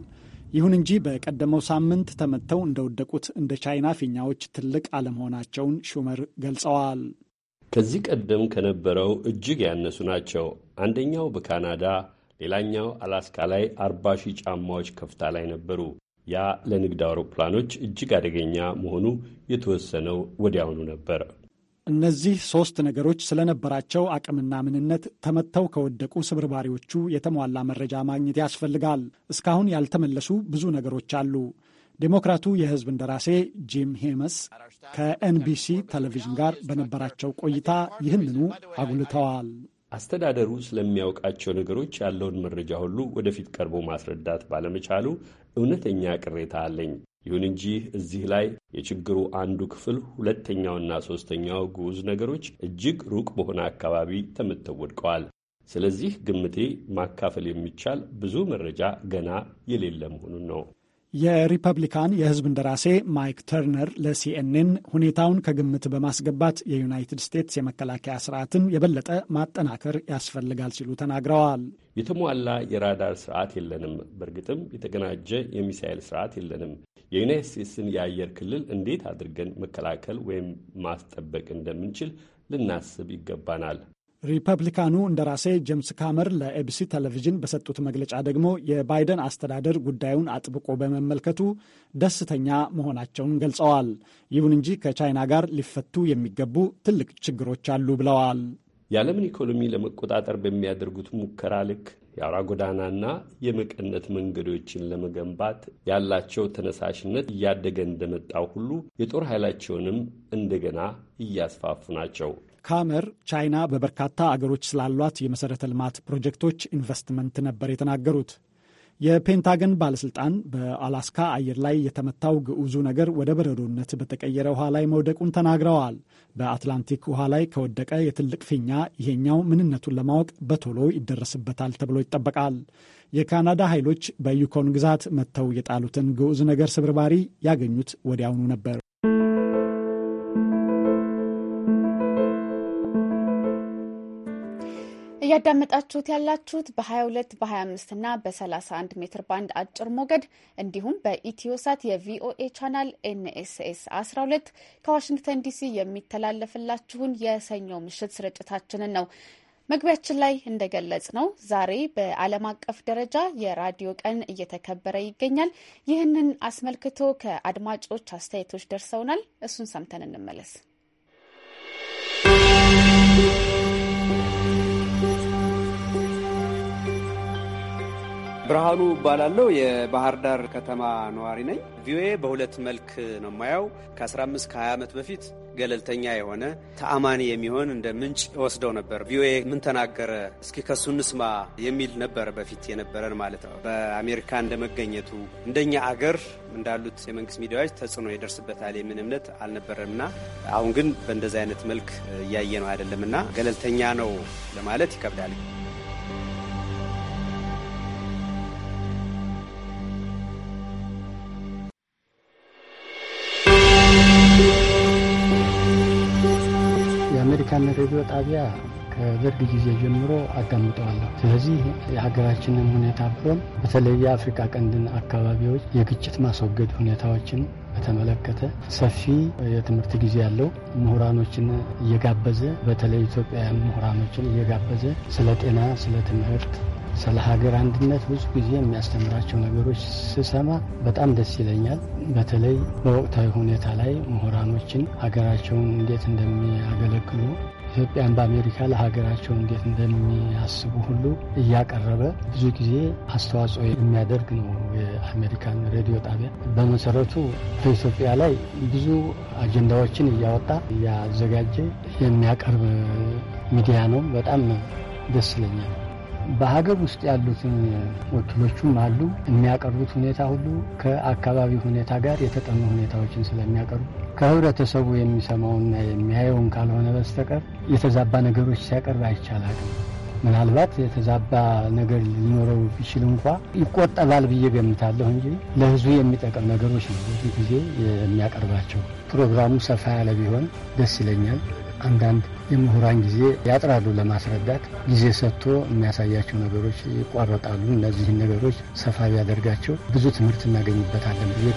ይሁን እንጂ በቀደመው ሳምንት ተመተው እንደወደቁት እንደ ቻይና ፊኛዎች ትልቅ አለመሆናቸውን ሹመር ገልጸዋል። ከዚህ ቀደም ከነበረው እጅግ ያነሱ ናቸው። አንደኛው በካናዳ ሌላኛው አላስካ ላይ አርባ ሺህ ጫማዎች ከፍታ ላይ ነበሩ። ያ ለንግድ አውሮፕላኖች እጅግ አደገኛ መሆኑ የተወሰነው ወዲያውኑ ነበር። እነዚህ ሶስት ነገሮች ስለነበራቸው አቅምና ምንነት ተመተው ከወደቁ ስብርባሪዎቹ የተሟላ መረጃ ማግኘት ያስፈልጋል። እስካሁን ያልተመለሱ ብዙ ነገሮች አሉ። ዴሞክራቱ የህዝብ እንደራሴ ጂም ሄመስ ከኤንቢሲ ቴሌቪዥን ጋር በነበራቸው ቆይታ ይህንኑ አጉልተዋል። አስተዳደሩ ስለሚያውቃቸው ነገሮች ያለውን መረጃ ሁሉ ወደፊት ቀርቦ ማስረዳት ባለመቻሉ እውነተኛ ቅሬታ አለኝ። ይሁን እንጂ እዚህ ላይ የችግሩ አንዱ ክፍል ሁለተኛውና ሦስተኛው ግዑዝ ነገሮች እጅግ ሩቅ በሆነ አካባቢ ተመተው ወድቀዋል። ስለዚህ ግምቴ ማካፈል የሚቻል ብዙ መረጃ ገና የሌለ መሆኑን ነው። የሪፐብሊካን የሕዝብ እንደራሴ ማይክ ተርነር ለሲኤንኤን ሁኔታውን ከግምት በማስገባት የዩናይትድ ስቴትስ የመከላከያ ስርዓትን የበለጠ ማጠናከር ያስፈልጋል ሲሉ ተናግረዋል። የተሟላ የራዳር ስርዓት የለንም። በእርግጥም የተቀናጀ የሚሳኤል ስርዓት የለንም። የዩናይት ስቴትስን የአየር ክልል እንዴት አድርገን መከላከል ወይም ማስጠበቅ እንደምንችል ልናስብ ይገባናል። ሪፐብሊካኑ እንደራሴ ጄምስ ካመር ለኤቢሲ ቴሌቪዥን በሰጡት መግለጫ ደግሞ የባይደን አስተዳደር ጉዳዩን አጥብቆ በመመልከቱ ደስተኛ መሆናቸውን ገልጸዋል። ይሁን እንጂ ከቻይና ጋር ሊፈቱ የሚገቡ ትልቅ ችግሮች አሉ ብለዋል። የዓለምን ኢኮኖሚ ለመቆጣጠር በሚያደርጉት ሙከራ ልክ የአውራ ጎዳናና የመቀነት መንገዶችን ለመገንባት ያላቸው ተነሳሽነት እያደገ እንደመጣው ሁሉ የጦር ኃይላቸውንም እንደገና እያስፋፉ ናቸው። ካመር ቻይና በበርካታ አገሮች ስላሏት የመሠረተ ልማት ፕሮጀክቶች ኢንቨስትመንት ነበር የተናገሩት። የፔንታገን ባለስልጣን በአላስካ አየር ላይ የተመታው ግዑዙ ነገር ወደ በረዶነት በተቀየረ ውሃ ላይ መውደቁን ተናግረዋል። በአትላንቲክ ውሃ ላይ ከወደቀ የትልቅ ፊኛ ይሄኛው ምንነቱን ለማወቅ በቶሎ ይደረስበታል ተብሎ ይጠበቃል። የካናዳ ኃይሎች በዩኮን ግዛት መጥተው የጣሉትን ግዑዝ ነገር ስብርባሪ ያገኙት ወዲያውኑ ነበር። እያዳመጣችሁት ያላችሁት በ22 በ25 እና በ31 ሜትር ባንድ አጭር ሞገድ እንዲሁም በኢትዮሳት የቪኦኤ ቻናል ኤንኤስኤስ 12 ከዋሽንግተን ዲሲ የሚተላለፍላችሁን የሰኞ ምሽት ስርጭታችንን ነው። መግቢያችን ላይ እንደገለጽ ነው ዛሬ በዓለም አቀፍ ደረጃ የራዲዮ ቀን እየተከበረ ይገኛል። ይህንን አስመልክቶ ከአድማጮች አስተያየቶች ደርሰውናል። እሱን ሰምተን እንመለስ። ብርሃኑ እባላለሁ። የባህር ዳር ከተማ ነዋሪ ነኝ። ቪኦኤ በሁለት መልክ ነው የማየው። ከ15 ከ20 ዓመት በፊት ገለልተኛ የሆነ ተአማኒ የሚሆን እንደ ምንጭ ወስደው ነበር። ቪኦኤ ምን ተናገረ፣ እስኪ ከሱ እንስማ የሚል ነበር በፊት የነበረን ማለት ነው። በአሜሪካ እንደመገኘቱ እንደኛ አገር እንዳሉት የመንግስት ሚዲያዎች ተጽዕኖ ይደርስበታል የምን እምነት አልነበረምና፣ አሁን ግን በእንደዚህ አይነት መልክ እያየ ነው አይደለምና ገለልተኛ ነው ለማለት ይከብዳል። የአሜሪካን ሬዲዮ ጣቢያ ከደርግ ጊዜ ጀምሮ አዳምጠዋለሁ። ስለዚህ የሀገራችንን ሁኔታ ብሎም በተለይ የአፍሪካ ቀንድን አካባቢዎች የግጭት ማስወገድ ሁኔታዎችን በተመለከተ ሰፊ የትምህርት ጊዜ ያለው ምሁራኖችን እየጋበዘ በተለይ ኢትዮጵያውያን ምሁራኖችን እየጋበዘ ስለ ጤና፣ ስለ ትምህርት ስለ ሀገር አንድነት ብዙ ጊዜ የሚያስተምራቸው ነገሮች ስሰማ በጣም ደስ ይለኛል። በተለይ በወቅታዊ ሁኔታ ላይ ምሁራኖችን ሀገራቸውን እንዴት እንደሚያገለግሉ ኢትዮጵያን በአሜሪካ ለሀገራቸው እንዴት እንደሚያስቡ ሁሉ እያቀረበ ብዙ ጊዜ አስተዋጽኦ የሚያደርግ ነው የአሜሪካን ሬዲዮ ጣቢያ። በመሰረቱ በኢትዮጵያ ላይ ብዙ አጀንዳዎችን እያወጣ እያዘጋጀ የሚያቀርብ ሚዲያ ነው። በጣም ደስ ይለኛል። በሀገር ውስጥ ያሉት ወኪሎቹም አሉ። የሚያቀርቡት ሁኔታ ሁሉ ከአካባቢ ሁኔታ ጋር የተጠኑ ሁኔታዎችን ስለሚያቀርቡ ከህብረተሰቡ የሚሰማውና የሚያየውን ካልሆነ በስተቀር የተዛባ ነገሮች ሲያቀርብ አይቻላል። ምናልባት የተዛባ ነገር ሊኖረው ቢችል እንኳ ይቆጠባል ብዬ ገምታለሁ እንጂ ለህዝቡ የሚጠቅም ነገሮች ነው ብዙ ጊዜ የሚያቀርባቸው። ፕሮግራሙ ሰፋ ያለ ቢሆን ደስ ይለኛል። አንዳንድ የምሁራን ጊዜ ያጥራሉ ለማስረዳት ጊዜ ሰጥቶ የሚያሳያቸው ነገሮች ይቋረጣሉ። እነዚህን ነገሮች ሰፋ ቢያደርጋቸው ብዙ ትምህርት እናገኝበታለን ብዬ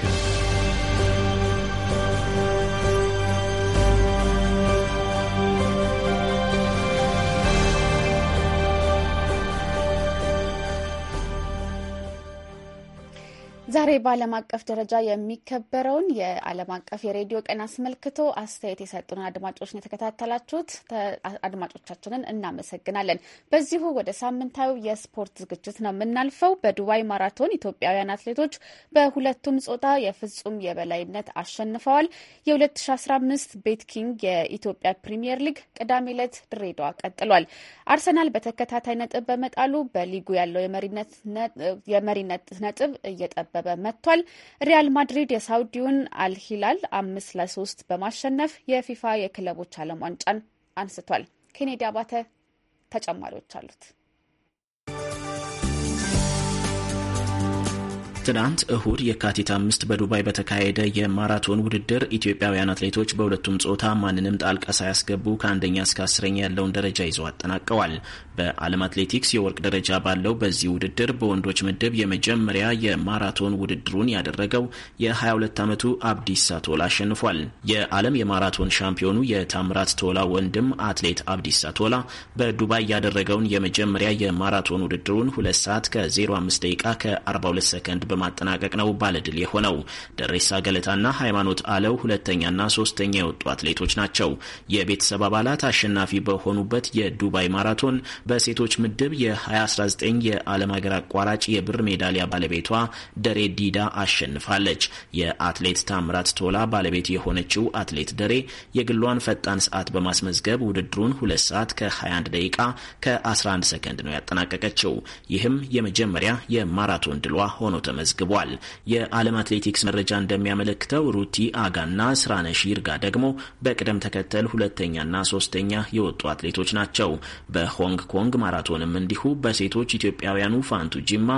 ዛሬ በዓለም አቀፍ ደረጃ የሚከበረውን የዓለም አቀፍ የሬዲዮ ቀን አስመልክቶ አስተያየት የሰጡን አድማጮችን የተከታተላችሁት አድማጮቻችንን እናመሰግናለን። በዚሁ ወደ ሳምንታዊ የስፖርት ዝግጅት ነው የምናልፈው። በዱባይ ማራቶን ኢትዮጵያውያን አትሌቶች በሁለቱም ጾታ የፍጹም የበላይነት አሸንፈዋል። የ2015 ቤት ኪንግ የኢትዮጵያ ፕሪምየር ሊግ ቅዳሜ ዕለት ድሬዳዋ ቀጥሏል። አርሰናል በተከታታይ ነጥብ በመጣሉ በሊጉ ያለው የመሪነት ነጥብ እየጠበበ መጥቷል። ሪያል ማድሪድ የሳውዲውን አልሂላል አምስት ለሶስት በማሸነፍ የፊፋ የክለቦች ዓለም ዋንጫን አንስቷል። ኬኔዲ አባተ ተጨማሪዎች አሉት። ትናንት እሁድ የካቲት አምስት በዱባይ በተካሄደ የማራቶን ውድድር ኢትዮጵያውያን አትሌቶች በሁለቱም ጾታ ማንንም ጣልቃ ሳያስገቡ ከአንደኛ እስከ አስረኛ ያለውን ደረጃ ይዘው አጠናቀዋል። በዓለም አትሌቲክስ የወርቅ ደረጃ ባለው በዚህ ውድድር በወንዶች ምድብ የመጀመሪያ የማራቶን ውድድሩን ያደረገው የ22 ዓመቱ አብዲሳ ቶላ አሸንፏል። የዓለም የማራቶን ሻምፒዮኑ የታምራት ቶላ ወንድም አትሌት አብዲሳ ቶላ በዱባይ ያደረገውን የመጀመሪያ የማራቶን ውድድሩን 2 ሰዓት ከ05 ደቂቃ ከ42 ሰከንድ በማጠናቀቅ ነው ባለድል የሆነው። ደሬሳ ገለታና ሃይማኖት አለው ሁለተኛና ሶስተኛ የወጡ አትሌቶች ናቸው። የቤተሰብ አባላት አሸናፊ በሆኑበት የዱባይ ማራቶን በሴቶች ምድብ የ2019 የዓለም ሀገር አቋራጭ የብር ሜዳሊያ ባለቤቷ ደሬ ዲዳ አሸንፋለች። የአትሌት ታምራት ቶላ ባለቤት የሆነችው አትሌት ደሬ የግሏን ፈጣን ሰዓት በማስመዝገብ ውድድሩን ሁለት ሰዓት ከ21 ደቂቃ ከ11 ሰከንድ ነው ያጠናቀቀችው። ይህም የመጀመሪያ የማራቶን ድሏ ሆኖ ተመ ተመዝግቧል። የዓለም አትሌቲክስ መረጃ እንደሚያመለክተው ሩቲ አጋና ስራነሽ ይርጋ ደግሞ በቅደም ተከተል ሁለተኛና ሶስተኛ የወጡ አትሌቶች ናቸው። በሆንግ ኮንግ ማራቶንም እንዲሁ በሴቶች ኢትዮጵያውያኑ ፋንቱ ጂማ፣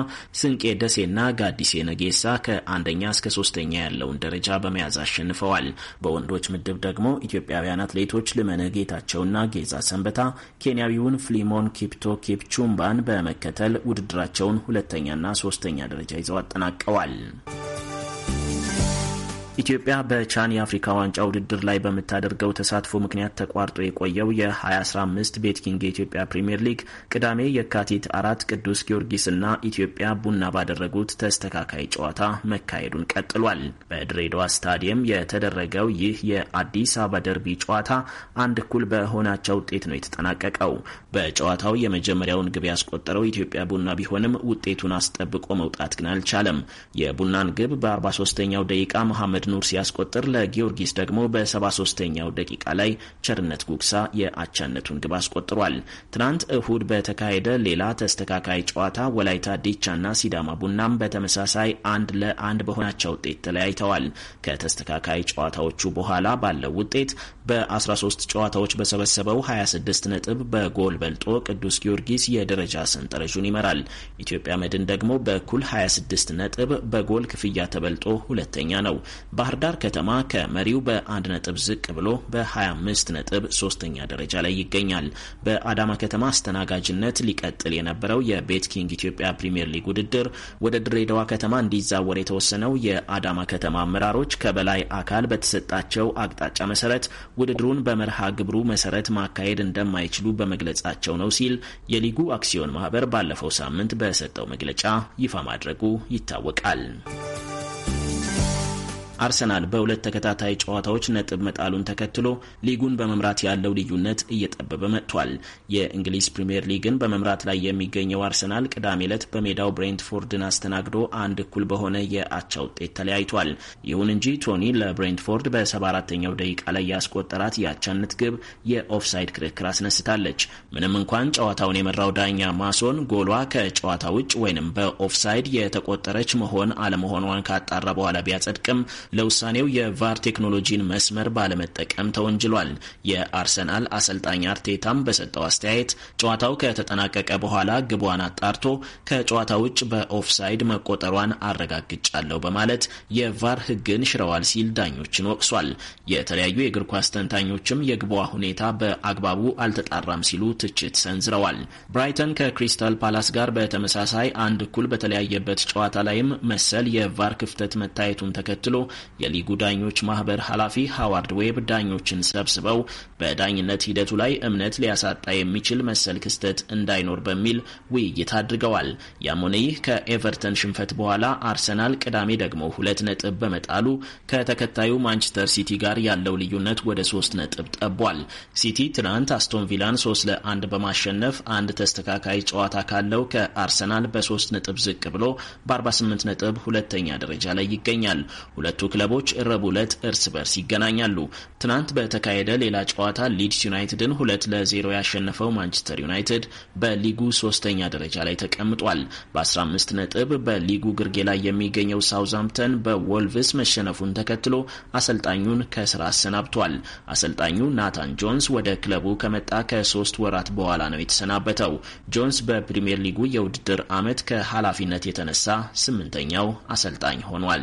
ስንቄ ደሴና ጋዲሴ ነጌሳ ከአንደኛ እስከ ሶስተኛ ያለውን ደረጃ በመያዝ አሸንፈዋል። በወንዶች ምድብ ደግሞ ኢትዮጵያውያን አትሌቶች ልመነ ጌታቸውና ጌዛ ሰንበታ ኬንያዊውን ፍሊሞን ኪፕቶ ኬፕቹምባን በመከተል ውድድራቸውን ሁለተኛና ሶስተኛ ደረጃ ይዘዋል። አጠናቀዋል። ኢትዮጵያ በቻን የአፍሪካ ዋንጫ ውድድር ላይ በምታደርገው ተሳትፎ ምክንያት ተቋርጦ የቆየው የ2015 ቤትኪንግ የኢትዮጵያ ፕሪምየር ሊግ ቅዳሜ የካቲት አራት ቅዱስ ጊዮርጊስ እና ኢትዮጵያ ቡና ባደረጉት ተስተካካይ ጨዋታ መካሄዱን ቀጥሏል። በድሬዳዋ ስታዲየም የተደረገው ይህ የአዲስ አበባ ደርቢ ጨዋታ አንድ እኩል በሆናቸው ውጤት ነው የተጠናቀቀው። በጨዋታው የመጀመሪያውን ግብ ያስቆጠረው ኢትዮጵያ ቡና ቢሆንም ውጤቱን አስጠብቆ መውጣት ግን አልቻለም። የቡናን ግብ በ43ኛው ደቂቃ መሐመድ ኑር ሲያስቆጥር ለጊዮርጊስ ደግሞ በ73ኛው ደቂቃ ላይ ቸርነት ጉግሳ የአቻነቱን ግብ አስቆጥሯል። ትናንት እሁድ በተካሄደ ሌላ ተስተካካይ ጨዋታ ወላይታ ዲቻና ሲዳማ ቡናም በተመሳሳይ አንድ ለአንድ በሆናቸው ውጤት ተለያይተዋል። ከተስተካካይ ጨዋታዎቹ በኋላ ባለው ውጤት በ13 ጨዋታዎች በሰበሰበው 26 ነጥብ በጎል በልጦ ቅዱስ ጊዮርጊስ የደረጃ ሰንጠረዡን ይመራል። ኢትዮጵያ መድን ደግሞ በኩል 26 ነጥብ በጎል ክፍያ ተበልጦ ሁለተኛ ነው። ባህር ዳር ከተማ ከመሪው በ1 ነጥብ ዝቅ ብሎ በ25 ነጥብ ሶስተኛ ደረጃ ላይ ይገኛል። በአዳማ ከተማ አስተናጋጅነት ሊቀጥል የነበረው የቤት ኪንግ ኢትዮጵያ ፕሪምየር ሊግ ውድድር ወደ ድሬዳዋ ከተማ እንዲዛወር የተወሰነው የአዳማ ከተማ አመራሮች ከበላይ አካል በተሰጣቸው አቅጣጫ መሰረት ውድድሩን በመርሃ ግብሩ መሰረት ማካሄድ እንደማይችሉ በመግለጻቸው ነው ሲል የሊጉ አክሲዮን ማህበር ባለፈው ሳምንት በሰጠው መግለጫ ይፋ ማድረጉ ይታወቃል። አርሰናል በሁለት ተከታታይ ጨዋታዎች ነጥብ መጣሉን ተከትሎ ሊጉን በመምራት ያለው ልዩነት እየጠበበ መጥቷል። የእንግሊዝ ፕሪምየር ሊግን በመምራት ላይ የሚገኘው አርሰናል ቅዳሜ ዕለት በሜዳው ብሬንትፎርድን አስተናግዶ አንድ እኩል በሆነ የአቻ ውጤት ተለያይቷል። ይሁን እንጂ ቶኒ ለብሬንትፎርድ በ74ኛው ደቂቃ ላይ ያስቆጠራት የአቻነት ግብ የኦፍሳይድ ክርክር አስነስታለች። ምንም እንኳን ጨዋታውን የመራው ዳኛ ማሶን ጎሏ ከጨዋታ ውጭ ወይንም በኦፍሳይድ የተቆጠረች መሆን አለመሆኗን ካጣራ በኋላ ቢያጸድቅም ለውሳኔው የቫር ቴክኖሎጂን መስመር ባለመጠቀም ተወንጅሏል። የአርሰናል አሰልጣኝ አርቴታም በሰጠው አስተያየት ጨዋታው ከተጠናቀቀ በኋላ ግቧን አጣርቶ ከጨዋታ ውጭ በኦፍሳይድ መቆጠሯን አረጋግጫለሁ በማለት የቫር ሕግን ሽረዋል ሲል ዳኞችን ወቅሷል። የተለያዩ የእግር ኳስ ተንታኞችም የግቧ ሁኔታ በአግባቡ አልተጣራም ሲሉ ትችት ሰንዝረዋል። ብራይተን ከክሪስታል ፓላስ ጋር በተመሳሳይ አንድ እኩል በተለያየበት ጨዋታ ላይም መሰል የቫር ክፍተት መታየቱን ተከትሎ የሊጉ ዳኞች ማህበር ኃላፊ ሀዋርድ ዌብ ዳኞችን ሰብስበው በዳኝነት ሂደቱ ላይ እምነት ሊያሳጣ የሚችል መሰል ክስተት እንዳይኖር በሚል ውይይት አድርገዋል። ያም ሆነ ይህ ከኤቨርተን ሽንፈት በኋላ አርሰናል ቅዳሜ ደግሞ ሁለት ነጥብ በመጣሉ ከተከታዩ ማንቸስተር ሲቲ ጋር ያለው ልዩነት ወደ ሶስት ነጥብ ጠቧል። ሲቲ ትናንት አስቶን ቪላን ሶስት ለአንድ በማሸነፍ አንድ ተስተካካይ ጨዋታ ካለው ከአርሰናል በሶስት ነጥብ ዝቅ ብሎ በ48 ነጥብ ሁለተኛ ደረጃ ላይ ይገኛል። ሁለቱ ክለቦች ረቡዕ ዕለት እርስ በርስ ይገናኛሉ። ትናንት በተካሄደ ሌላ ጨዋታ ሊድስ ዩናይትድን ሁለት ለዜሮ ያሸነፈው ማንቸስተር ዩናይትድ በሊጉ ሶስተኛ ደረጃ ላይ ተቀምጧል። በ15 ነጥብ በሊጉ ግርጌ ላይ የሚገኘው ሳውዝሃምፕተን በወልቭስ መሸነፉን ተከትሎ አሰልጣኙን ከስራ አሰናብቷል። አሰልጣኙ ናታን ጆንስ ወደ ክለቡ ከመጣ ከሶስት ወራት በኋላ ነው የተሰናበተው። ጆንስ በፕሪምየር ሊጉ የውድድር ዓመት ከኃላፊነት የተነሳ ስምንተኛው አሰልጣኝ ሆኗል።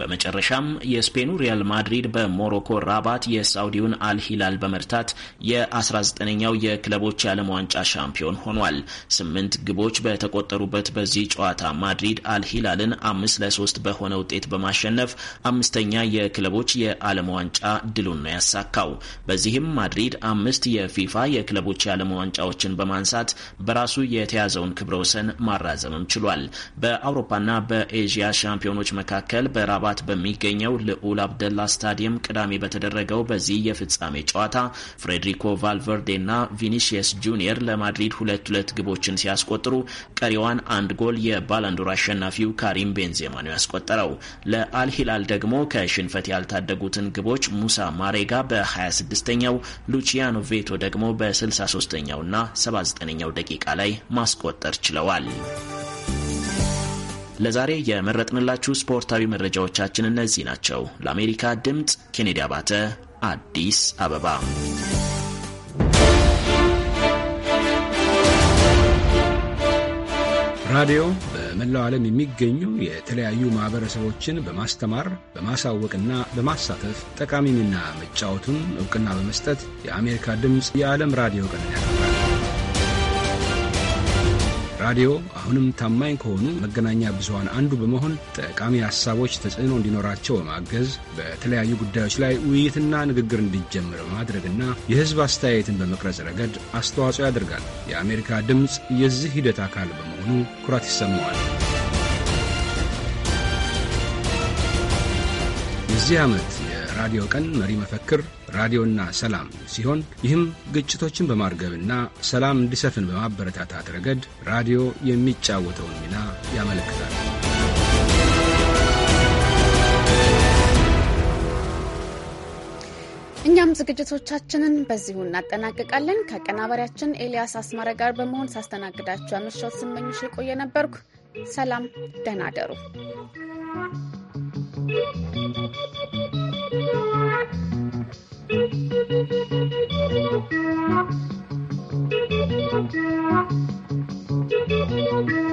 በመጨረሻም የስፔኑ ሪያል ማድሪድ በሞሮኮ ራባት የሳውዲውን አልሂላል በመርታት የ19ኛው የክለቦች የዓለም ዋንጫ ሻምፒዮን ሆኗል። ስምንት ግቦች በተቆጠሩበት በዚህ ጨዋታ ማድሪድ አልሂላልን አምስት ለሶስት በሆነ ውጤት በማሸነፍ አምስተኛ የክለቦች የዓለም ዋንጫ ድሉን ነው ያሳካው። በዚህም ማድሪድ አምስት የፊፋ የክለቦች የዓለም ዋንጫዎችን በማንሳት በራሱ የተያዘውን ክብረ ወሰን ማራዘምም ችሏል። በአውሮፓና በኤዥያ ሻምፒዮኖች መካከል በራባ ራባት በሚገኘው ልዑል አብደላ ስታዲየም ቅዳሜ በተደረገው በዚህ የፍጻሜ ጨዋታ ፍሬድሪኮ ቫልቨርዴ እና ቪኒሽየስ ጁኒየር ለማድሪድ ሁለት ሁለት ግቦችን ሲያስቆጥሩ ቀሪዋን አንድ ጎል የባላንዶር አሸናፊው ካሪም ቤንዜማ ነው ያስቆጠረው። ለአልሂላል ደግሞ ከሽንፈት ያልታደጉትን ግቦች ሙሳ ማሬጋ በ26ኛው ሉቺያኖ ቬቶ ደግሞ በ63ኛው እና 79ኛው ደቂቃ ላይ ማስቆጠር ችለዋል። ለዛሬ የመረጥንላችሁ ስፖርታዊ መረጃዎቻችን እነዚህ ናቸው። ለአሜሪካ ድምፅ ኬኔዲ አባተ፣ አዲስ አበባ። ራዲዮ በመላው ዓለም የሚገኙ የተለያዩ ማኅበረሰቦችን በማስተማር በማሳወቅና በማሳተፍ ጠቃሚ ሚና መጫወቱን ዕውቅና በመስጠት የአሜሪካ ድምፅ የዓለም ራዲዮ ቀን ያከብራል። ራዲዮ አሁንም ታማኝ ከሆኑ መገናኛ ብዙሀን አንዱ በመሆን ጠቃሚ ሀሳቦች ተጽዕኖ እንዲኖራቸው በማገዝ በተለያዩ ጉዳዮች ላይ ውይይትና ንግግር እንዲጀምር በማድረግና የሕዝብ አስተያየትን በመቅረጽ ረገድ አስተዋጽኦ ያደርጋል። የአሜሪካ ድምፅ የዚህ ሂደት አካል በመሆኑ ኩራት ይሰማዋል። የዚህ ዓመት ራዲዮ ቀን መሪ መፈክር ራዲዮና ሰላም ሲሆን ይህም ግጭቶችን በማርገብና ሰላም እንዲሰፍን በማበረታታት ረገድ ራዲዮ የሚጫወተውን ሚና ያመለክታል። እኛም ዝግጅቶቻችንን በዚሁ እናጠናቅቃለን። ከቀናባሪያችን ኤልያስ አስማረ ጋር በመሆን ሳስተናግዳችሁ ያመሻው ስመኝሽ የቆየ ነበርኩ። ሰላም፣ ደህና you Thank you.